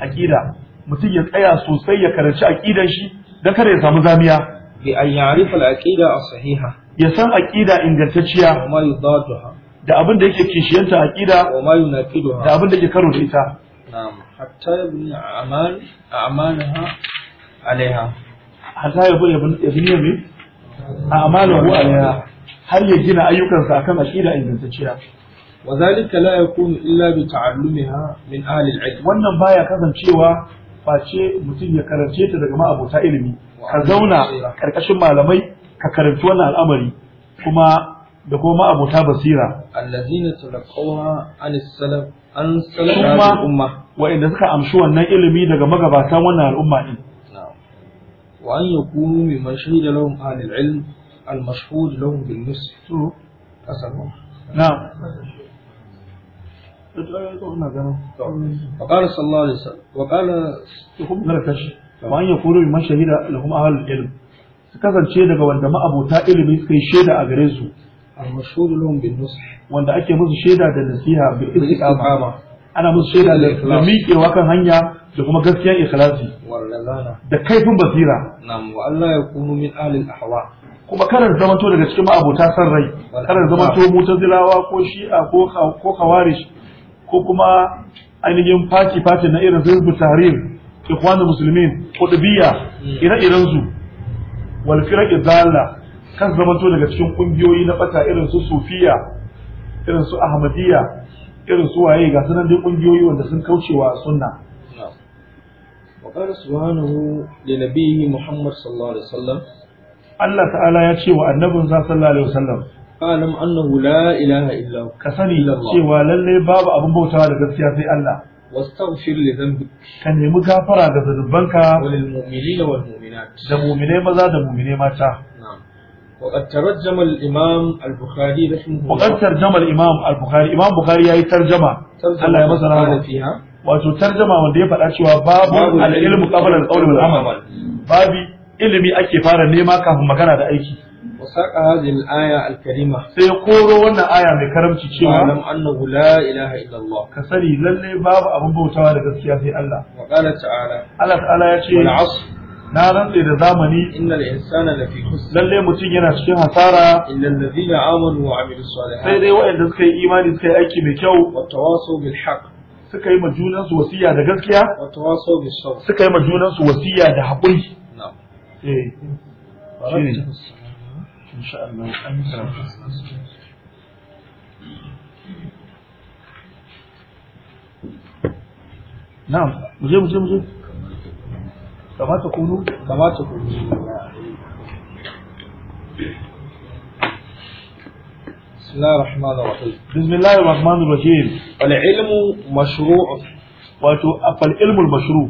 [SPEAKER 1] aqida mutum ya tsaya sosai ya karanci aqidan shi dan kada ya samu zamiya bi an ya'rifa al aqida as sahiha ya san aqida ingantacciya ma yudaduha da abin da yake kishiyanta aqida wa ma da abin da yake karo da ita
[SPEAKER 2] na'am hatta ibn a'mal a'malaha alaiha
[SPEAKER 1] Hata ya bude ya mai? yabi a amalahu alaiha har ya gina ayyukansa akan aqida ingantacciya wa zalika la yakunu illa bi ta'allumiha min ahli al-ilm wannan baya kasancewa face mutum ya karance ta daga ma'abota ilimi ka zauna karkashin malamai ka karanci wannan al'amari kuma da kuma ma'abota basira
[SPEAKER 2] allazina talaqawha an salaf
[SPEAKER 1] an salaf al-umma wa inda suka amshi wannan ilimi daga magabatan wannan al'umma din وأن يكونوا ممن شهد لهم أهل العلم المشهود لهم بالمسح تروح أسألهم نعم وقال صلى الله عليه وسلم وقال تقوم نركش وأن يكونوا ممن شهد لهم أهل العلم سكذا شهد وأنت ما أبو تائل بيسكي شهد أغريزو المشهود لهم بالنصح وأنت أكي مز شهد دلسيها بإستقامة أنا مز شهد لميكي وكان هنيا لكم قصيا إخلاصي da kaifin basira Allah ya kunu min alil ahwa kuma karar zamanto daga cikin ma'abota san rai karar zamanto mutazilawa ko shi'a ko ko kawarish ko kuma ainihin faci faci na irin hizb tahrir musulmin, muslimin qutbiyya hmm. ire-iren su wal firaq dalla kan zamanto daga cikin kungiyoyi na bata irin su sufiya irin su ahmadiyya irin su waye ga sanan dai kungiyoyi wanda sun kaucewa sunna
[SPEAKER 2] وقال سبحانه
[SPEAKER 1] لنبيه Allah ta'ala ya ce wa annabin sa sallallahu alaihi wasallam alam annahu la ilaha illa ka sani cewa lalle babu abin bautawa da gaskiya sai Allah wastaghfir li dhanbik ka nemi gafara ga zanubanka walil mu'minina wal mu'minat da mu'mine maza da mu'mine mata وقد ترجم الإمام البخاري رحمه الله وقد ترجم الإمام البخاري إمام بخاري يمسنا هذا فيها wato tarjama wanda ya faɗa cewa babu al-ilmu qabla al-qawl wal amal babi ilimi ake fara nema kafin magana da aiki وساق هذه الآية الكريمة سيقولوا وانا آية من كرمتي شيئا واعلم أنه لا
[SPEAKER 2] إله إلا الله
[SPEAKER 1] كسري للي باب أبو بوتوار قسيا في الله وقال تعالى الله Allah Ta'ala ya ce na rantse da zamani innal insana lafi khusr lalle mutum yana cikin hasara illal ladina amanu wa amilus
[SPEAKER 2] salihat sai dai waɗanda
[SPEAKER 1] suka yi imani suka yi aiki mai kyau wa tawasaw bil haqq suka yi ma junansu wasiya da gaskiya suka yi ma junansu wasiya da haƙuri muje muje muje kamata kunu kamata kunu بسم الله الرحمن الرحيم بسم الله الرحمن الرحيم العلم مشروع wato afal ilmul mashru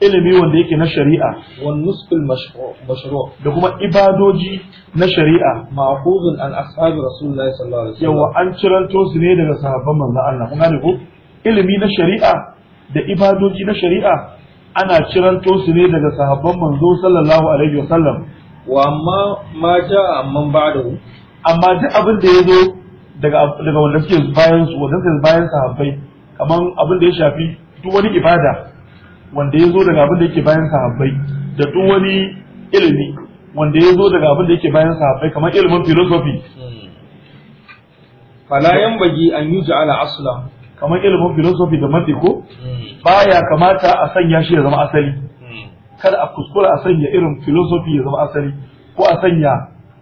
[SPEAKER 1] ilimi wanda yake na shari'a Wani nusul mashru da kuma ibadoji na shari'a ma'khuzun an ashabi rasulullahi sallallahu alaihi wasallam yawa an ciranto su ne daga sahabban manzo Allah kun gane ko ilimi na shari'a da ibadoji na shari'a ana ciranto su ne daga sahabban manzo sallallahu alaihi wasallam wa amma ma ja'a amman ba'dahu amma duk abin da ya zo daga wanda suke bayan su wanda suke bayan sahabbai kamar abin da ya shafi duk wani ibada wanda ya zo daga abin da yake bayan sahabbai da duk wani ilimi wanda ya zo daga abin da yake bayan sahabbai kamar ilimin philosophy fala yanbaghi an ala asla kamar ilimin philosophy da mantiko
[SPEAKER 2] hmm.
[SPEAKER 1] baya kamata a sanya shi ya zama asali hmm. kada a kuskura a sanya irin philosophy ya zama asali ko a sanya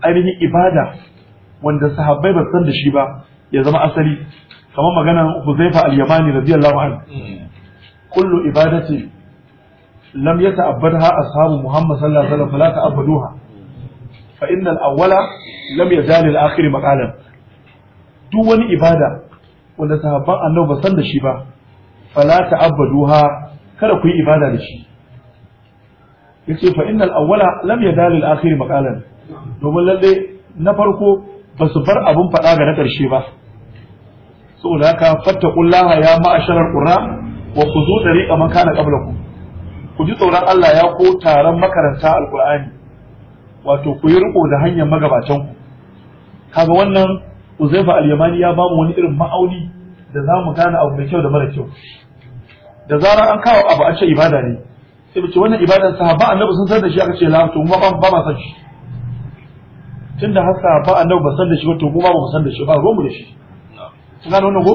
[SPEAKER 1] ainihin ibada wanda sahabbai ba san da shi ba ya zama asali kamar maganar Huzaifa al-Yamani radiyallahu anhu kullu ibadati lam yata'abbadha ashabu Muhammad sallallahu alaihi wasallam fala ta'abbaduha fa innal awwala lam yazal al-akhir maqalan duk wani ibada wanda sahabban annabi ba san da shi ba fala ta'abbaduha kada ku yi ibada da shi yace fa innal awwala lam yazal al-akhir maqalan domin lalle na farko ba su bar abun faɗa ga na ƙarshe ba saboda haka kullaha ya ma'asharar qurra wa khudhu tariqa man kana qablakum ku ji tsoron Allah ya ko taron makaranta alqur'ani wato ku yi riko da hanyar magabatan ku kaga wannan Uzaifa al-Yamani ya bamu wani irin ma'auni da za mu gane abu mai kyau da mara kyau da zarar an kawo abu a ce ibada ne sai mu ce wannan ibadan ba annabi sun san da shi aka ce la to mu ba ma san shi tunda haka ba annabi ba san da shi ba to mu ma ba mu san da shi ba ruwan mu da shi kun gane wannan ko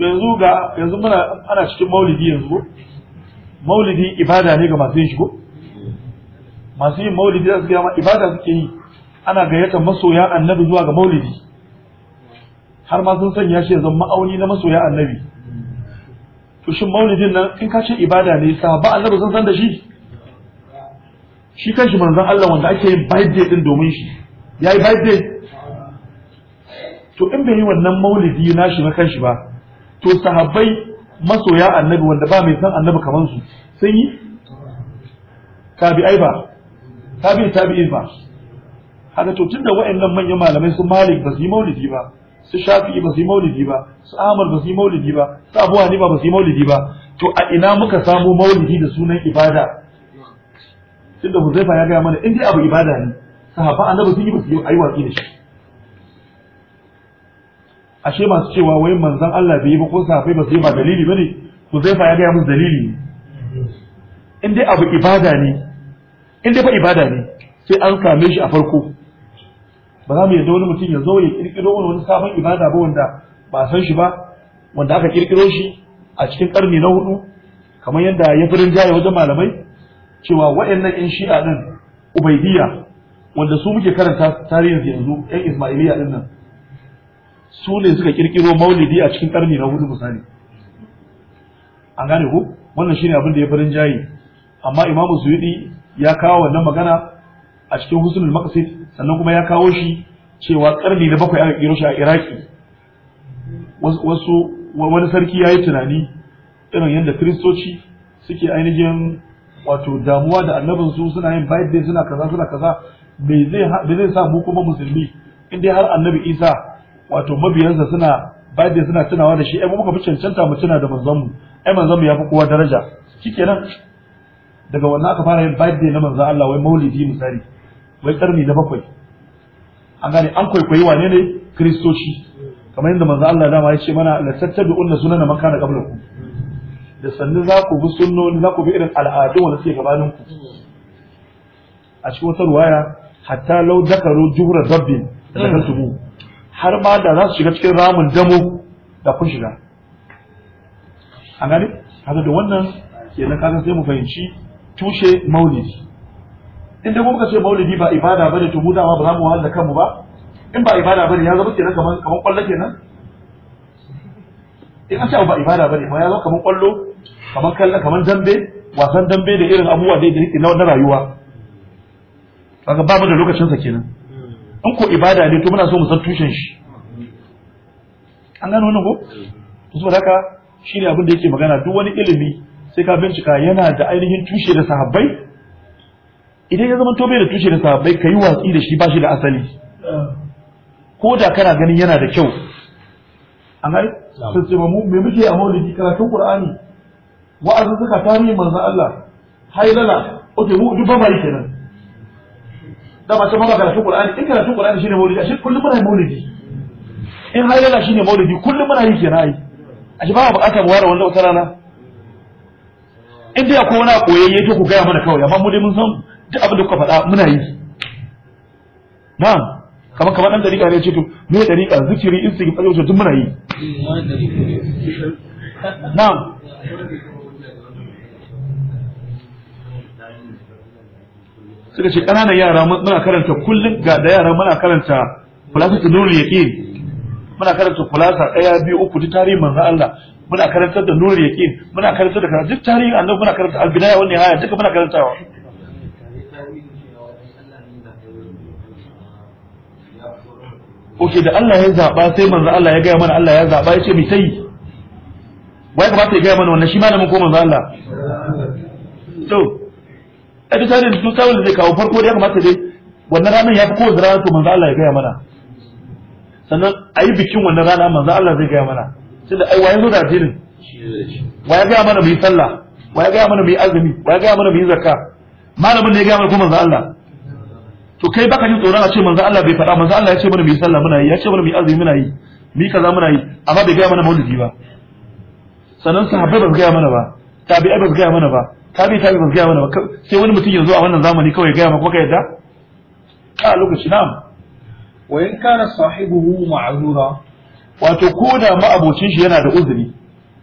[SPEAKER 1] yanzu ga yanzu muna ana cikin maulidi yanzu ko maulidi ibada ne ga masu yin shi ko masu yin maulidi da su ma ibada suke yi ana gayyatar masoya annabi zuwa ga maulidi har ma sun sanya shi zan ma'auni na masoya annabi to shin maulidin nan in ka ce ibada ne ba annabi sun san da shi shi kan shi manzon Allah wanda ake yin birthday din domin shi ya yi birthday to in bai yi wannan maulidi na shi na kanshi ba to sahabbai masoya annabi wanda ba mai san annabi kamar su sun yi ai ba tabi tabi ba haka to tunda wa'annan manyan malamai su malik ba su yi maulidi ba su shafi ba su yi maulidi ba su amal ba su yi maulidi ba su abu hanifa ba su yi maulidi ba to a ina muka samu maulidi da sunan ibada tunda huzaifa ya gaya mana in dai abu ibada ne sahabba annabi sun yi musu yau ayi watsi da shi ashe masu cewa wai manzon Allah bai yi ba ko sahabbai ba su yi ba dalili bane ku zai fa ya ga musu dalili in dai abu ibada ne in dai fa ibada ne sai an same shi a farko ba za mu yarda wani mutum ya zo ya kirkiro wani wani sabon ibada ba wanda ba san shi ba wanda aka kirkiro shi a cikin karni na hudu kamar yadda ya fi rinjaye wajen malamai cewa waɗannan in shi'a din ubaidiyya wanda su muke karanta tarihin yanzu yan ismailiya ɗin nan su ne suka kirkiro maulidi a cikin karni na hudu misali an gane ko wannan shine abin da ya farin jayi amma imamu suyudi ya kawo wannan magana a cikin husnul maqsid sannan kuma ya kawo shi cewa karni na bakwai aka kiro shi a iraki wasu wani sarki ya yi tunani irin yadda kiristoci suke ainihin wato damuwa da annabinsu suna yin bayyade suna kaza suna kaza me zai sa mu kuma musulmi in dai har annabi isa wato mabiyansa suna bayan suna tunawa da shi ai muka fi cancanta mu tuna da manzon mu ai manzon mu yafi kowa daraja shikenan daga wannan aka fara yin birthday na manzon Allah wai maulidi misali wai karni na bakwai an gane an kwaikwayi wane ne kristoci kamar yadda manzon Allah dama ya ce mana la unna sunana man kana qablakum da sannu za ku bi sunnoni za ku bi irin al'adu wanda suke gabanin ku a cikin wata ruwaya hatta lau dakaru juhra dabbin da hmm. tubu har ma da za su shiga cikin ramin damo da kun shiga A gane haka da wannan na kaga sai mu fahimci tushe maulidi in kuma ka ce maulidi ba ibada bane to mu dama ba za mu wahala kanmu ba in ba ibada bane ya zama kenan kamar kaman kwallo kenan in an ce ba ibada bane ma ya zama kaman kwallo kaman kalla kaman dambe wasan dambe da irin abubuwa da yake na rayuwa kaga ba mu da lokacin sa kenan in ko ibada ne to muna so mu san tushen shi an gano wannan ko saboda haka shine abin da yake magana duk wani ilimi sai ka bincika yana da ainihin tushe da sahabbai idan ya zama to bai da tushe da sahabbai kai watsi da shi ba shi da asali ko da kana ganin yana da kyau an gani sai ce mu me muke a maulidi karatun qur'ani wa'azin suka tarihi manzo Allah hailala okay mu duk ba mai kenan da ba ta ba karatun Qur'ani in karatun Qur'ani shine maulidi shi kullum muna maulidi in har yana shine maulidi kullum muna yi kenan ai ashe ba buƙatar mu ware wannan wata rana in dai akwai wani koyayye to ku gaya mana kawai amma mu dai mun san duk abin da kuka faɗa muna yi na'am kamar kamar dan dariƙa ne ce to me dariƙa zikiri in su yi duk muna yi na'am suka ce ƙananan yara muna karanta kullum ga da yara muna karanta fulasa ta nurul yaqin muna karanta fulasa ɗaya biyu uku duk tarihin manzo Allah muna karantar da nurul yaqin muna karantar da duk tarihin annabi muna karanta albidaya wannan haya duka muna karantawa Oke da Allah ya zaɓa sai manzo Allah ya gaya mana Allah ya zaɓa ya ce mai ta Wai kamata ya gaya mana wannan shi malamin ko manzo Allah. To, a duk tare da duk tawul da zai kawo farko da ya kamata dai wannan ranar ya fi kowace rana to manzo Allah ya gaya mana sannan a yi bikin wannan rana manzo Allah zai gaya mana sai da ai waye zo da addinin wa ya gaya mana mu yi sallah wa ya gaya mana mu yi azumi wa ya gaya mana mu yi zakka malamin ne ya gaya mana ko manzo Allah to kai baka ji tsoron a ce manzo Allah bai faɗa manzo Allah ya ce mana mu yi sallah muna yi ya ce mana mu yi azumi muna yi mu yi kaza muna yi amma bai gaya mana maulidi ba sannan sahabbai ba su gaya mana ba tabi'ai ba su gaya mana ba tabi tabi ba gaya mana ba sai wani mutum ya zo a wannan zamani kawai gaya maka maka yadda a lokaci na?
[SPEAKER 2] wa in kana
[SPEAKER 1] sahibuhu ma'zura wato ko da ma'abocin shi yana da uzuri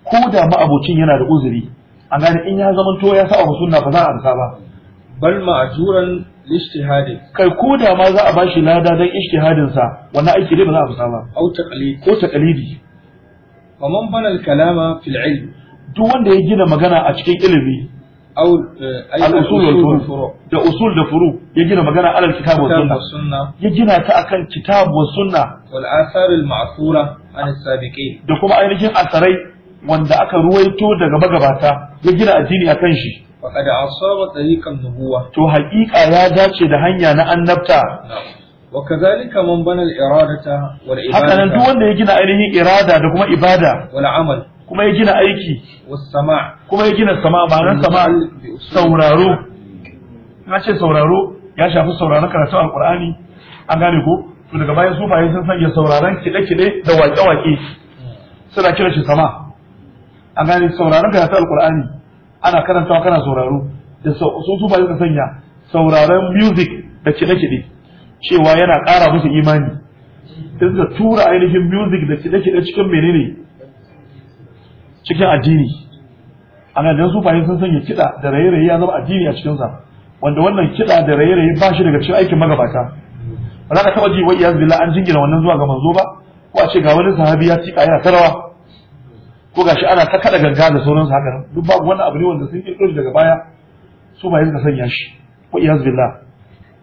[SPEAKER 1] ko da ma'abocin yana da uzuri an gane in ya zama to ya saba sunna ba za a amsa ba bal ma'zuran lishtihadin kai ko da ma za a bashi lada dan ijtihadin sa wannan aiki dai ba za a amsa ba au taqlid ko taqlidi wa man bana al kalama fil ilm duk wanda ya gina magana a cikin ilimi da usul da furu ya gina magana alal kitab wa sunna ya gina ta akan kitab wa sunna wal athar da kuma ainihin asarai wanda aka ruwaito daga magabata ya gina addini akan shi to haƙiƙa ya dace da hanya na annabta وكذلك من بنى الإرادة
[SPEAKER 2] والعبادة هكذا دون
[SPEAKER 1] يجينا أينه إرادة دكما إبادة والعمل kuma ya gina aiki kuma ya gina sama ma'anar sama sauraro na ce sauraro ya shafi sauraron karatu alkur'ani an gane ko to daga bayan sufaye sun sanya sauraron kide-kide da waƙe-waƙe suna kira shi sama an gane sauraron karatu alkur'ani ana karantawa kana sauraro da sun sufaye sun sanya sauraron music da kide-kide cewa yana ƙara musu imani tun da tura ainihin music da kide-kide cikin menene cikin addini ana da sufaye sun sanya kiɗa da raye-raye ya zama addini a cikinsa wanda wannan kiɗa da raye-raye ba shi daga cikin aikin magabata ba za ka taɓa ji wa iyaz billah an jingina wannan zuwa ga manzo ba ko a ce ga wani sahabi ya tika yana tarawa ko gashi ana ta kaɗa ganga da sauransu haka nan duk babu wannan abu ne wanda sun kirkiro shi daga baya su ba suka sanya shi wa iyaz billah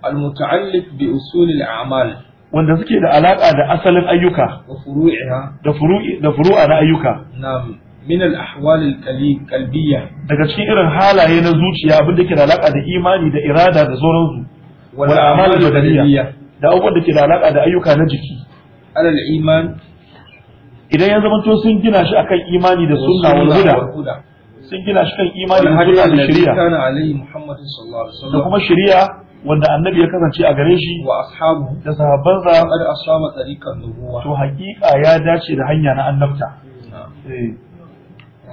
[SPEAKER 1] al-muta'alliq bi usul amal wanda suke da alaka da asalin ayyuka da furu'iha da furu'i da furu'a na ayyuka na'am min al-ahwal daga cikin irin halaye na zuciya abin da ke da alaka da imani da irada da sauransu wal a'mal al-badaniyya da abubuwan da ke da alaka da ayyuka na jiki alal iman idan ya zamanto sun gina shi akan imani da sunna wal huda sun gina shi kan imani da sunna da shari'a da kuma shari'a wanda annabi ya kasance a gare shi wa ashabu da sahabbansa qad asama
[SPEAKER 2] tariqan nubuwa to
[SPEAKER 1] haƙiƙa ya dace da hanya na annabta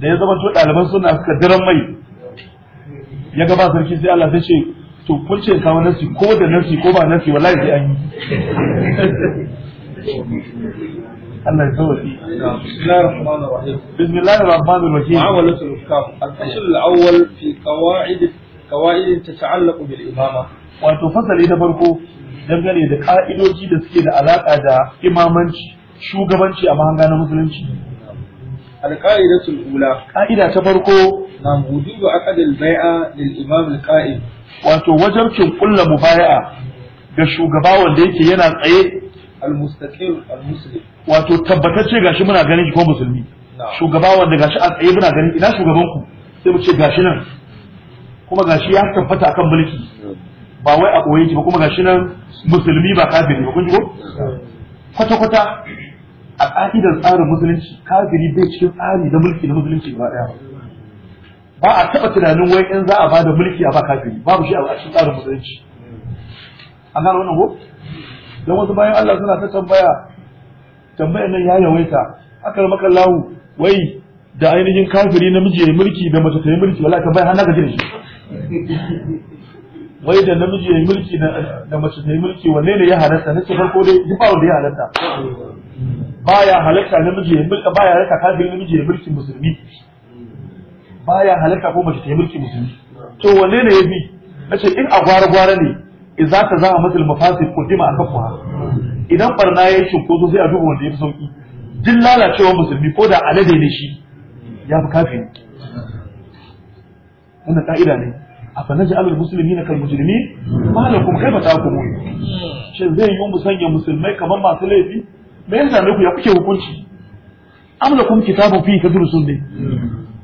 [SPEAKER 1] da ya zama to ɗaliban suna suka diran mai ya gaba sarki sai Allah ta ce to kun ce kawo nasi ko da nasi ko ba nasi wallahi sai an yi الله يسوي بسم الله
[SPEAKER 2] الرحمن الرحيم بسم الله الرحمن الرحيم معاولة
[SPEAKER 1] الأحكام الفصل الأول في dangane da ka'idoji da suke da alaƙa da imamanci shugabanci a mahanga na musulunci alqa'idatul ula qa'ida ta farko na wujubu aqdil bai'a lil imam alqa'im wato wajabcin kulla ga shugaba wanda yake yana tsaye almustaqim almuslim wato gashi muna ganin shi musulmi shugaba gashi a tsaye muna ganin ina shugaban ku sai mu ce gashi nan kuma gashi ya tabbata akan mulki ba wai a koyi ba kuma gashi nan musulmi ba kwata kwata a ƙa'idar tsarin musulunci kafiri bai cikin tsari na mulki na musulunci ba ɗaya ba a taɓa tunanin wai in za a ba da mulki a ba kafiri babu shi a cikin tsarin musulunci an gano wannan ko don wasu bayan Allah suna ta tambaya tambayar nan ya yawaita aka rama kallahu wai da ainihin kafiri namiji ya yi mulki da mace ta yi mulki wala ta bayan na gaji da shi wai da namiji ya yi mulki da mace ta yi mulki wanne ne ya halatta ce farko dai duk ba wanda ya halatta baya halatta namiji ya mulka baya halatta kafin namiji ya mulki musulmi baya halarta ko mace ta yi mulki musulmi to wanne ne ya bi nace in a gwara gwara ne za ta za matul mafasid qudima akafuha idan barna ya shinko sai a duba wanda ya fi sauki din lalacewa musulmi ko da alade ne shi ya fi kafin wannan ka'ida ne a fa naj'alul muslimina kal mujrimin malakum kaifa tahkumun shin zai yi mu sanya musulmai kamar masu laifi bayan zane ku ya kuke hukunci am kuma kitabun fi durusun ne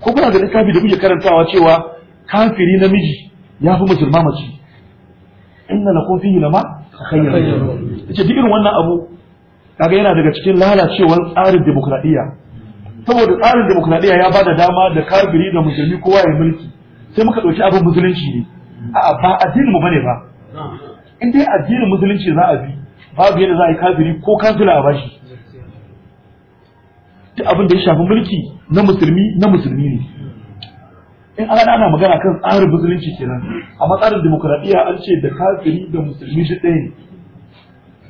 [SPEAKER 1] ko kuna da littafi da kuke karantawa cewa kafiri namiji ya fi musulma mace inna lakum fihi lama khayrun yace duk irin wannan abu kaga yana daga cikin lalacewar tsarin demokradiyya saboda tsarin demokradiyya ya bada dama da kafiri da musulmi kowa ya mulki sai muka ɗauki abin musulunci ne a'a ba addinin mu bane ba in dai addinin musulunci za a bi babu yadda za a yi kafiri ko kafila a bashi duk abin da ya shafi mulki na musulmi na musulmi ne in an ana magana kan tsarin musulunci kenan amma tsarin demokradiyya an ce da kafiri da musulmi shi ɗaya ne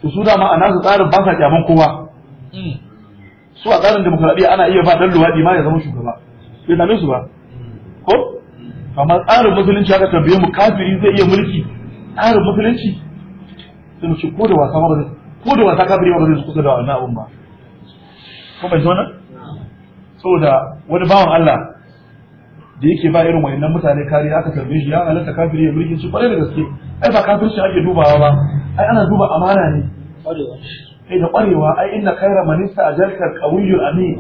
[SPEAKER 1] to su dama a nasu tsarin ba sa kyaman kowa su a tsarin demokradiyya ana iya ba dan luwaɗi ma ya zama shugaba bai dame su ba ko amma tsarin musulunci haka tambaye mu kafiri zai iya mulki tsarin musulunci sun ce ko da wasa ba ko da wasa kafiri ba zai kusa da wannan abun ba ko bai zona Sau saboda wani bawan Allah da yake ba irin wayannan mutane kariya aka tambaye shi ya halatta kafiri ya mulkin su kwarai da gaske ai ba kafirci ake dubawa ba ai ana duba amana ne ai da kwarewa ai inna khayra man ista'jalta qawiyyul amin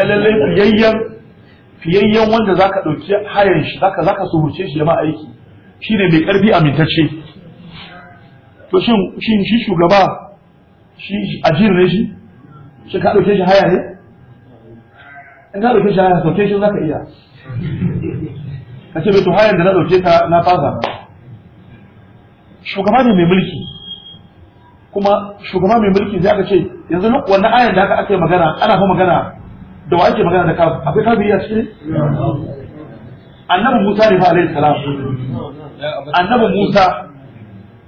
[SPEAKER 1] ai lalle fiyayyan fiyayyan wanda zaka dauki hayan shi zaka zaka suhurce shi ya ma aiki shine mai karfi amintacce to shin shi shi shugaba shi ajiyar ne shi shi ka ɗauke shi haya ne in ka ɗauke shi haya sauke shi zaka iya ka ce to hayan da na ɗauke ka na fasa shugaba ne mai mulki kuma shugaba mai mulki zai aka ce yanzu wannan ayar da aka aka yi magana ana fa magana da wa ake magana da kafu akwai kafin a cikin annabi musa ne fa alayhi salam annabi musa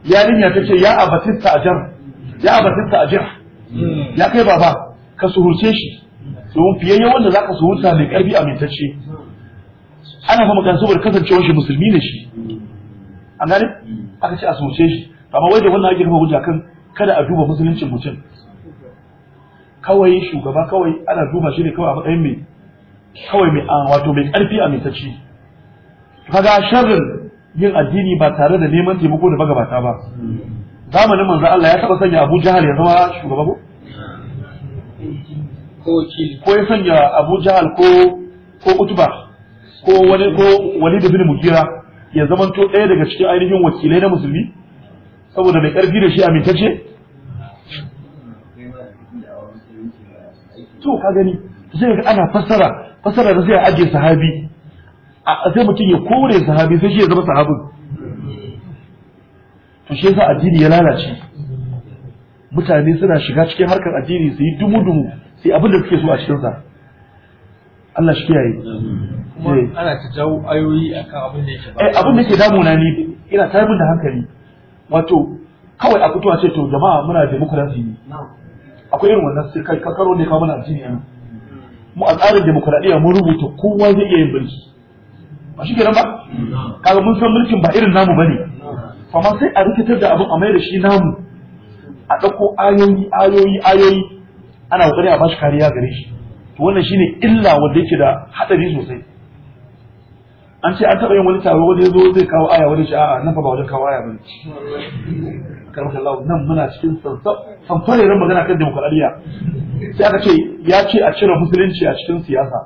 [SPEAKER 1] yarinya ta ce ya abatista jar ya abatista jar ya kai baba ka suhurce shi domin fiyayyen wanda za ka suhurta mai karfi amintacce ana fa makan saboda kasancewar shi musulmi ne shi an gane aka ce a suhurce shi amma wai da wannan ake kafa hujja kan kada a duba musuluncin mutum kawai shugaba kawai ana duba shi ne kawai a matsayin mai kawai mai wato mai karfi amintacce kaga sharrin yin addini ba tare da neman taimako da magabata ba zamanin manzo Allah ya taba sanya Abu Jahal ya zama shugaba ko ko ya sanya Abu Jahal ko ko Utba ko wani ko Walid ibn Mugira ya zama to ɗaya daga cikin ainihin wakilai na musulmi saboda mai karfi da shi amintacce to ka gani zai ga ana fassara fassara da zai ajiye sahabi sai mutum ya kore sahabi sai shi ya zama sahabin to shi yasa addini ya lalace mutane suna shiga cikin harkar addini su yi dumu-dumu su abin da suke so a cikinsa Allah shi kiyaye kuma eh.
[SPEAKER 2] ana ta jawo ayoyi akan abin da yake ba eh, abin da yake damuna
[SPEAKER 1] ni ina tarbin da hankali wato kawai a fito a ce to jama'a muna demokrasi ne akwai irin wannan sai kai kakaro ne ka mana addini mu a tsarin demokradiyya mun rubuta kowa zai iya yin birki. ba shi kenan ba kaga mun san mulkin ba irin namu bane amma sai a rikitar da abun a mai da shi namu a ɗauko ayoyi ayoyi ayoyi ana kokari a bashi kariya gare shi to wannan shine illa wanda yake da hadari sosai an ce an taɓa yin wani taro wani zo zai kawo aya wani shi a'a nan fa ba wajen kawo aya bane karmaka Allah nan muna cikin ran magana kan demokradiya sai aka ce ya ce a cire musulunci a cikin siyasa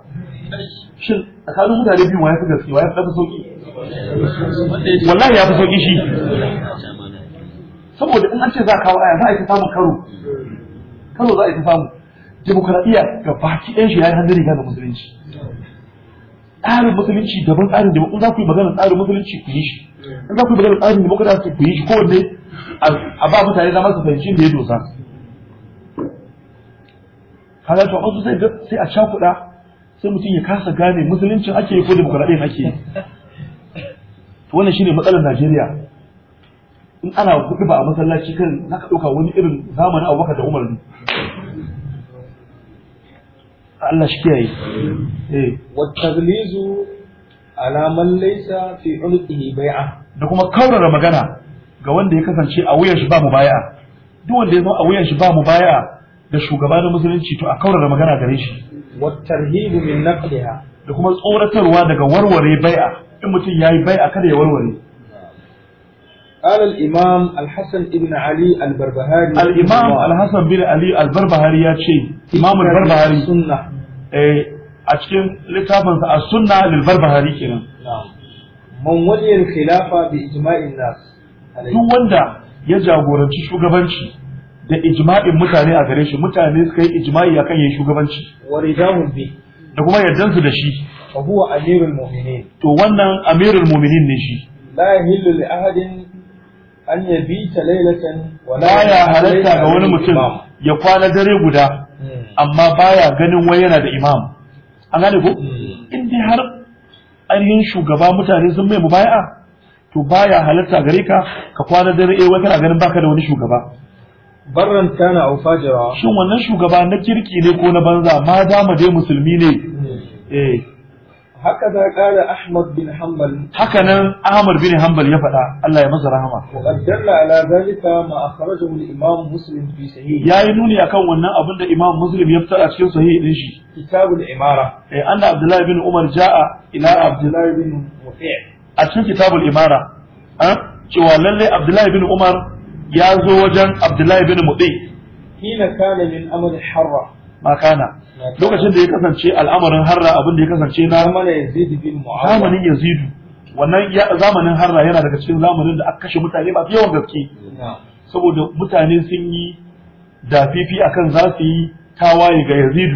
[SPEAKER 1] shin tsakanin mutane biyu wa ya fi gaske wa ya fi ɗafi sauƙi
[SPEAKER 2] wallahi ya fi sauƙi shi
[SPEAKER 1] saboda in an ce za a kawo aya za a yi ta samun karo karo za a yi ta samu demokuraɗiyya ga baki ɗan shi ya yi hannun riga ga musulunci tsarin musulunci daban tsarin da in za ku yi magana tsarin musulunci ku yi shi in za ku yi magana tsarin demokuraɗiyya ku yi shi kowanne a ba mutane zama su fahimci da ya dosa kaga to an sai a cakuɗa sai mutum ya kasa gane musuluncin ake yi ko demokuraɗiyyar ake yi wannan shine matsalar najeriya in ana kuɗi ba a masallaci kan na ka ɗauka wani irin zamanin abubakar da umar ne Allah shi kiyaye eh. wattaglizu alaman laisa fi ulqihi bai'a da kuma kaurara magana ga wanda ya kasance a wuyan shi ba mu baya duk wanda ya zama a wuyan shi ba mu baya da shugaba na musulunci to a kaurara magana gare shi والترهيب من نقلها da kuma tsoratarwa daga warware bai'a in mutum yayi bai'a kada ya warware قال الإمام الحسن بن علي البربهاري الإمام الحسن بن علي البربهاري يأتي إمام البربهاري السنة أتكلم لتابن السنة للبربهاري كنا من ولي الخلافة بإجماع الناس duk wanda ya jagoranci shugabanci da ijma'in mutane a gare shi mutane suka yi ijma'i akan yin shugabanci wa ridahum bi da kuma yardansu da shi fa huwa amirul mu'minin to wannan amirul mu'minin ne shi la yahillu li ahadin an yabita laylatan
[SPEAKER 2] wa la ya halatta ga wani mutum
[SPEAKER 1] ya kwana dare guda hmm. amma baya ganin wai yana da imam an gane ko hmm. in dai har ainihin shugaba mutane sun mai mubaya'a to baya halatta gare ka ka kwana dare eh wai kana ganin baka da wani shugaba barran kana au fajira shin wannan shugaba na kirki ne ko na banza ma dama dai musulmi ne hmm. eh haka da kala ahmad bin hanbal haka nan ahmad bin hanbal ya faɗa Allah ya masa rahama qaddalla ala zalika ma akhrajahu al-imam muslim fi sahih yayi nuni akan wannan abin da imam muslim ya fitar a cikin sahih din shi kitabul imara eh anna abdullahi bin umar jaa ila abdullahi bin mufi' a cikin kitabul imara ah, cewa lallai abdullahi bin umar ya zo wajen abdullahi bin mudi
[SPEAKER 2] hina lokacin
[SPEAKER 1] da ya kasance al'amarin harra abin da ya kasance na zamanin yazid wannan zamanin harra yana daga cikin zamanin da aka kashe mutane ba yawan gaske saboda mutane sun yi dafifi akan za su yi tawaye ga yazid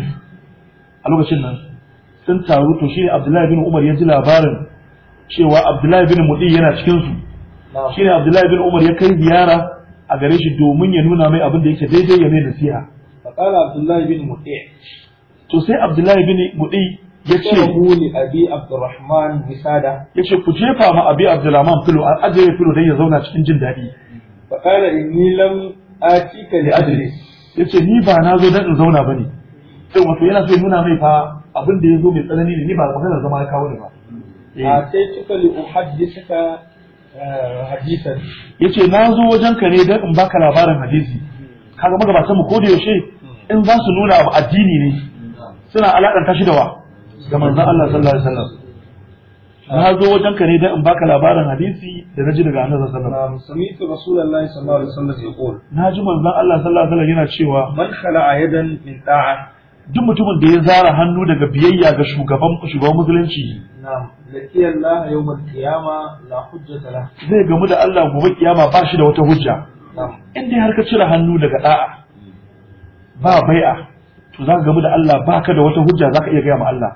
[SPEAKER 1] a lokacin nan sun taru to shi abdullahi bin umar ya ji labarin cewa abdullahi bin mudi yana cikin su shine abdullahi bin umar ya kai ziyara a gare shi domin ya nuna mai abin da yake daidai ya mai nasiha فقال عبد الله بن to sai Abdullahi bin Mudi ya ce muni abi Abdurrahman misada ya ce ku jefa ma abi Abdurrahman filo an ajiye filo dai ya zauna cikin jin daɗi fa qala inni lam atika li ajlis ya ce ni ba na zo dan in zauna bane sai wato yana so nuna mai fa abin da ya zo mai tsanani ne ni ba magana zama ya kawo ne ba a sai kika li uhaddithaka hadisan ce na zo wajen ka ne don in baka labarin hadisi kaga magabatan mu ko da yaushe in za su nuna abu addini ne suna alakanta shi da wa ga manzon Allah sallallahu alaihi wasallam na zo wajen ka ne don in baka labarin hadisi da na ji daga Annabi sallallahu alaihi wasallam na sami'tu rasulullahi sallallahu alaihi wasallam ya na ji manzon Allah sallallahu alaihi wasallam yana cewa man khala'a yadan min ta'a duk mutumin da ya zara hannu daga biyayya ga shugaban shugaban musulunci zai gamu da Allah gobe kiyama ba shi da wata hujja inda har ka cire hannu daga da'a ba bai'a to za ka gamu da Allah baka da wata hujja za ka iya gaya ma Allah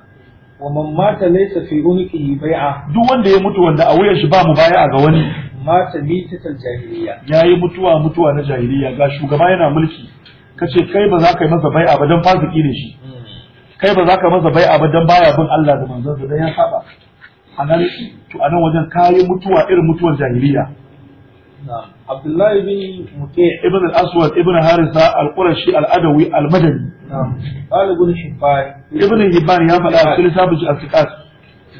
[SPEAKER 1] wa man mata laysa fi unqihi bai'a duk wanda ya mutu wanda a wuyan shi ba mu bai'a ga wani
[SPEAKER 2] mata mitatal jahiliya
[SPEAKER 1] yayi mutuwa mutuwa na jahiliya ga shugaba yana mulki ka ce kai ba za ka yi masa bai ba don fasiki ne shi kai ba za ka masa bai ba don baya bin Allah da manzon sa dan ya saba anan to anan wajen kayi mutuwa irin mutuwar jahiliya Abdullahi bin Mutai ibn al-Aswad ibn Harisa al-Qurashi al-Adawi al-Madani Ibn Hibban ya faɗa a cikin sabon al-Siqat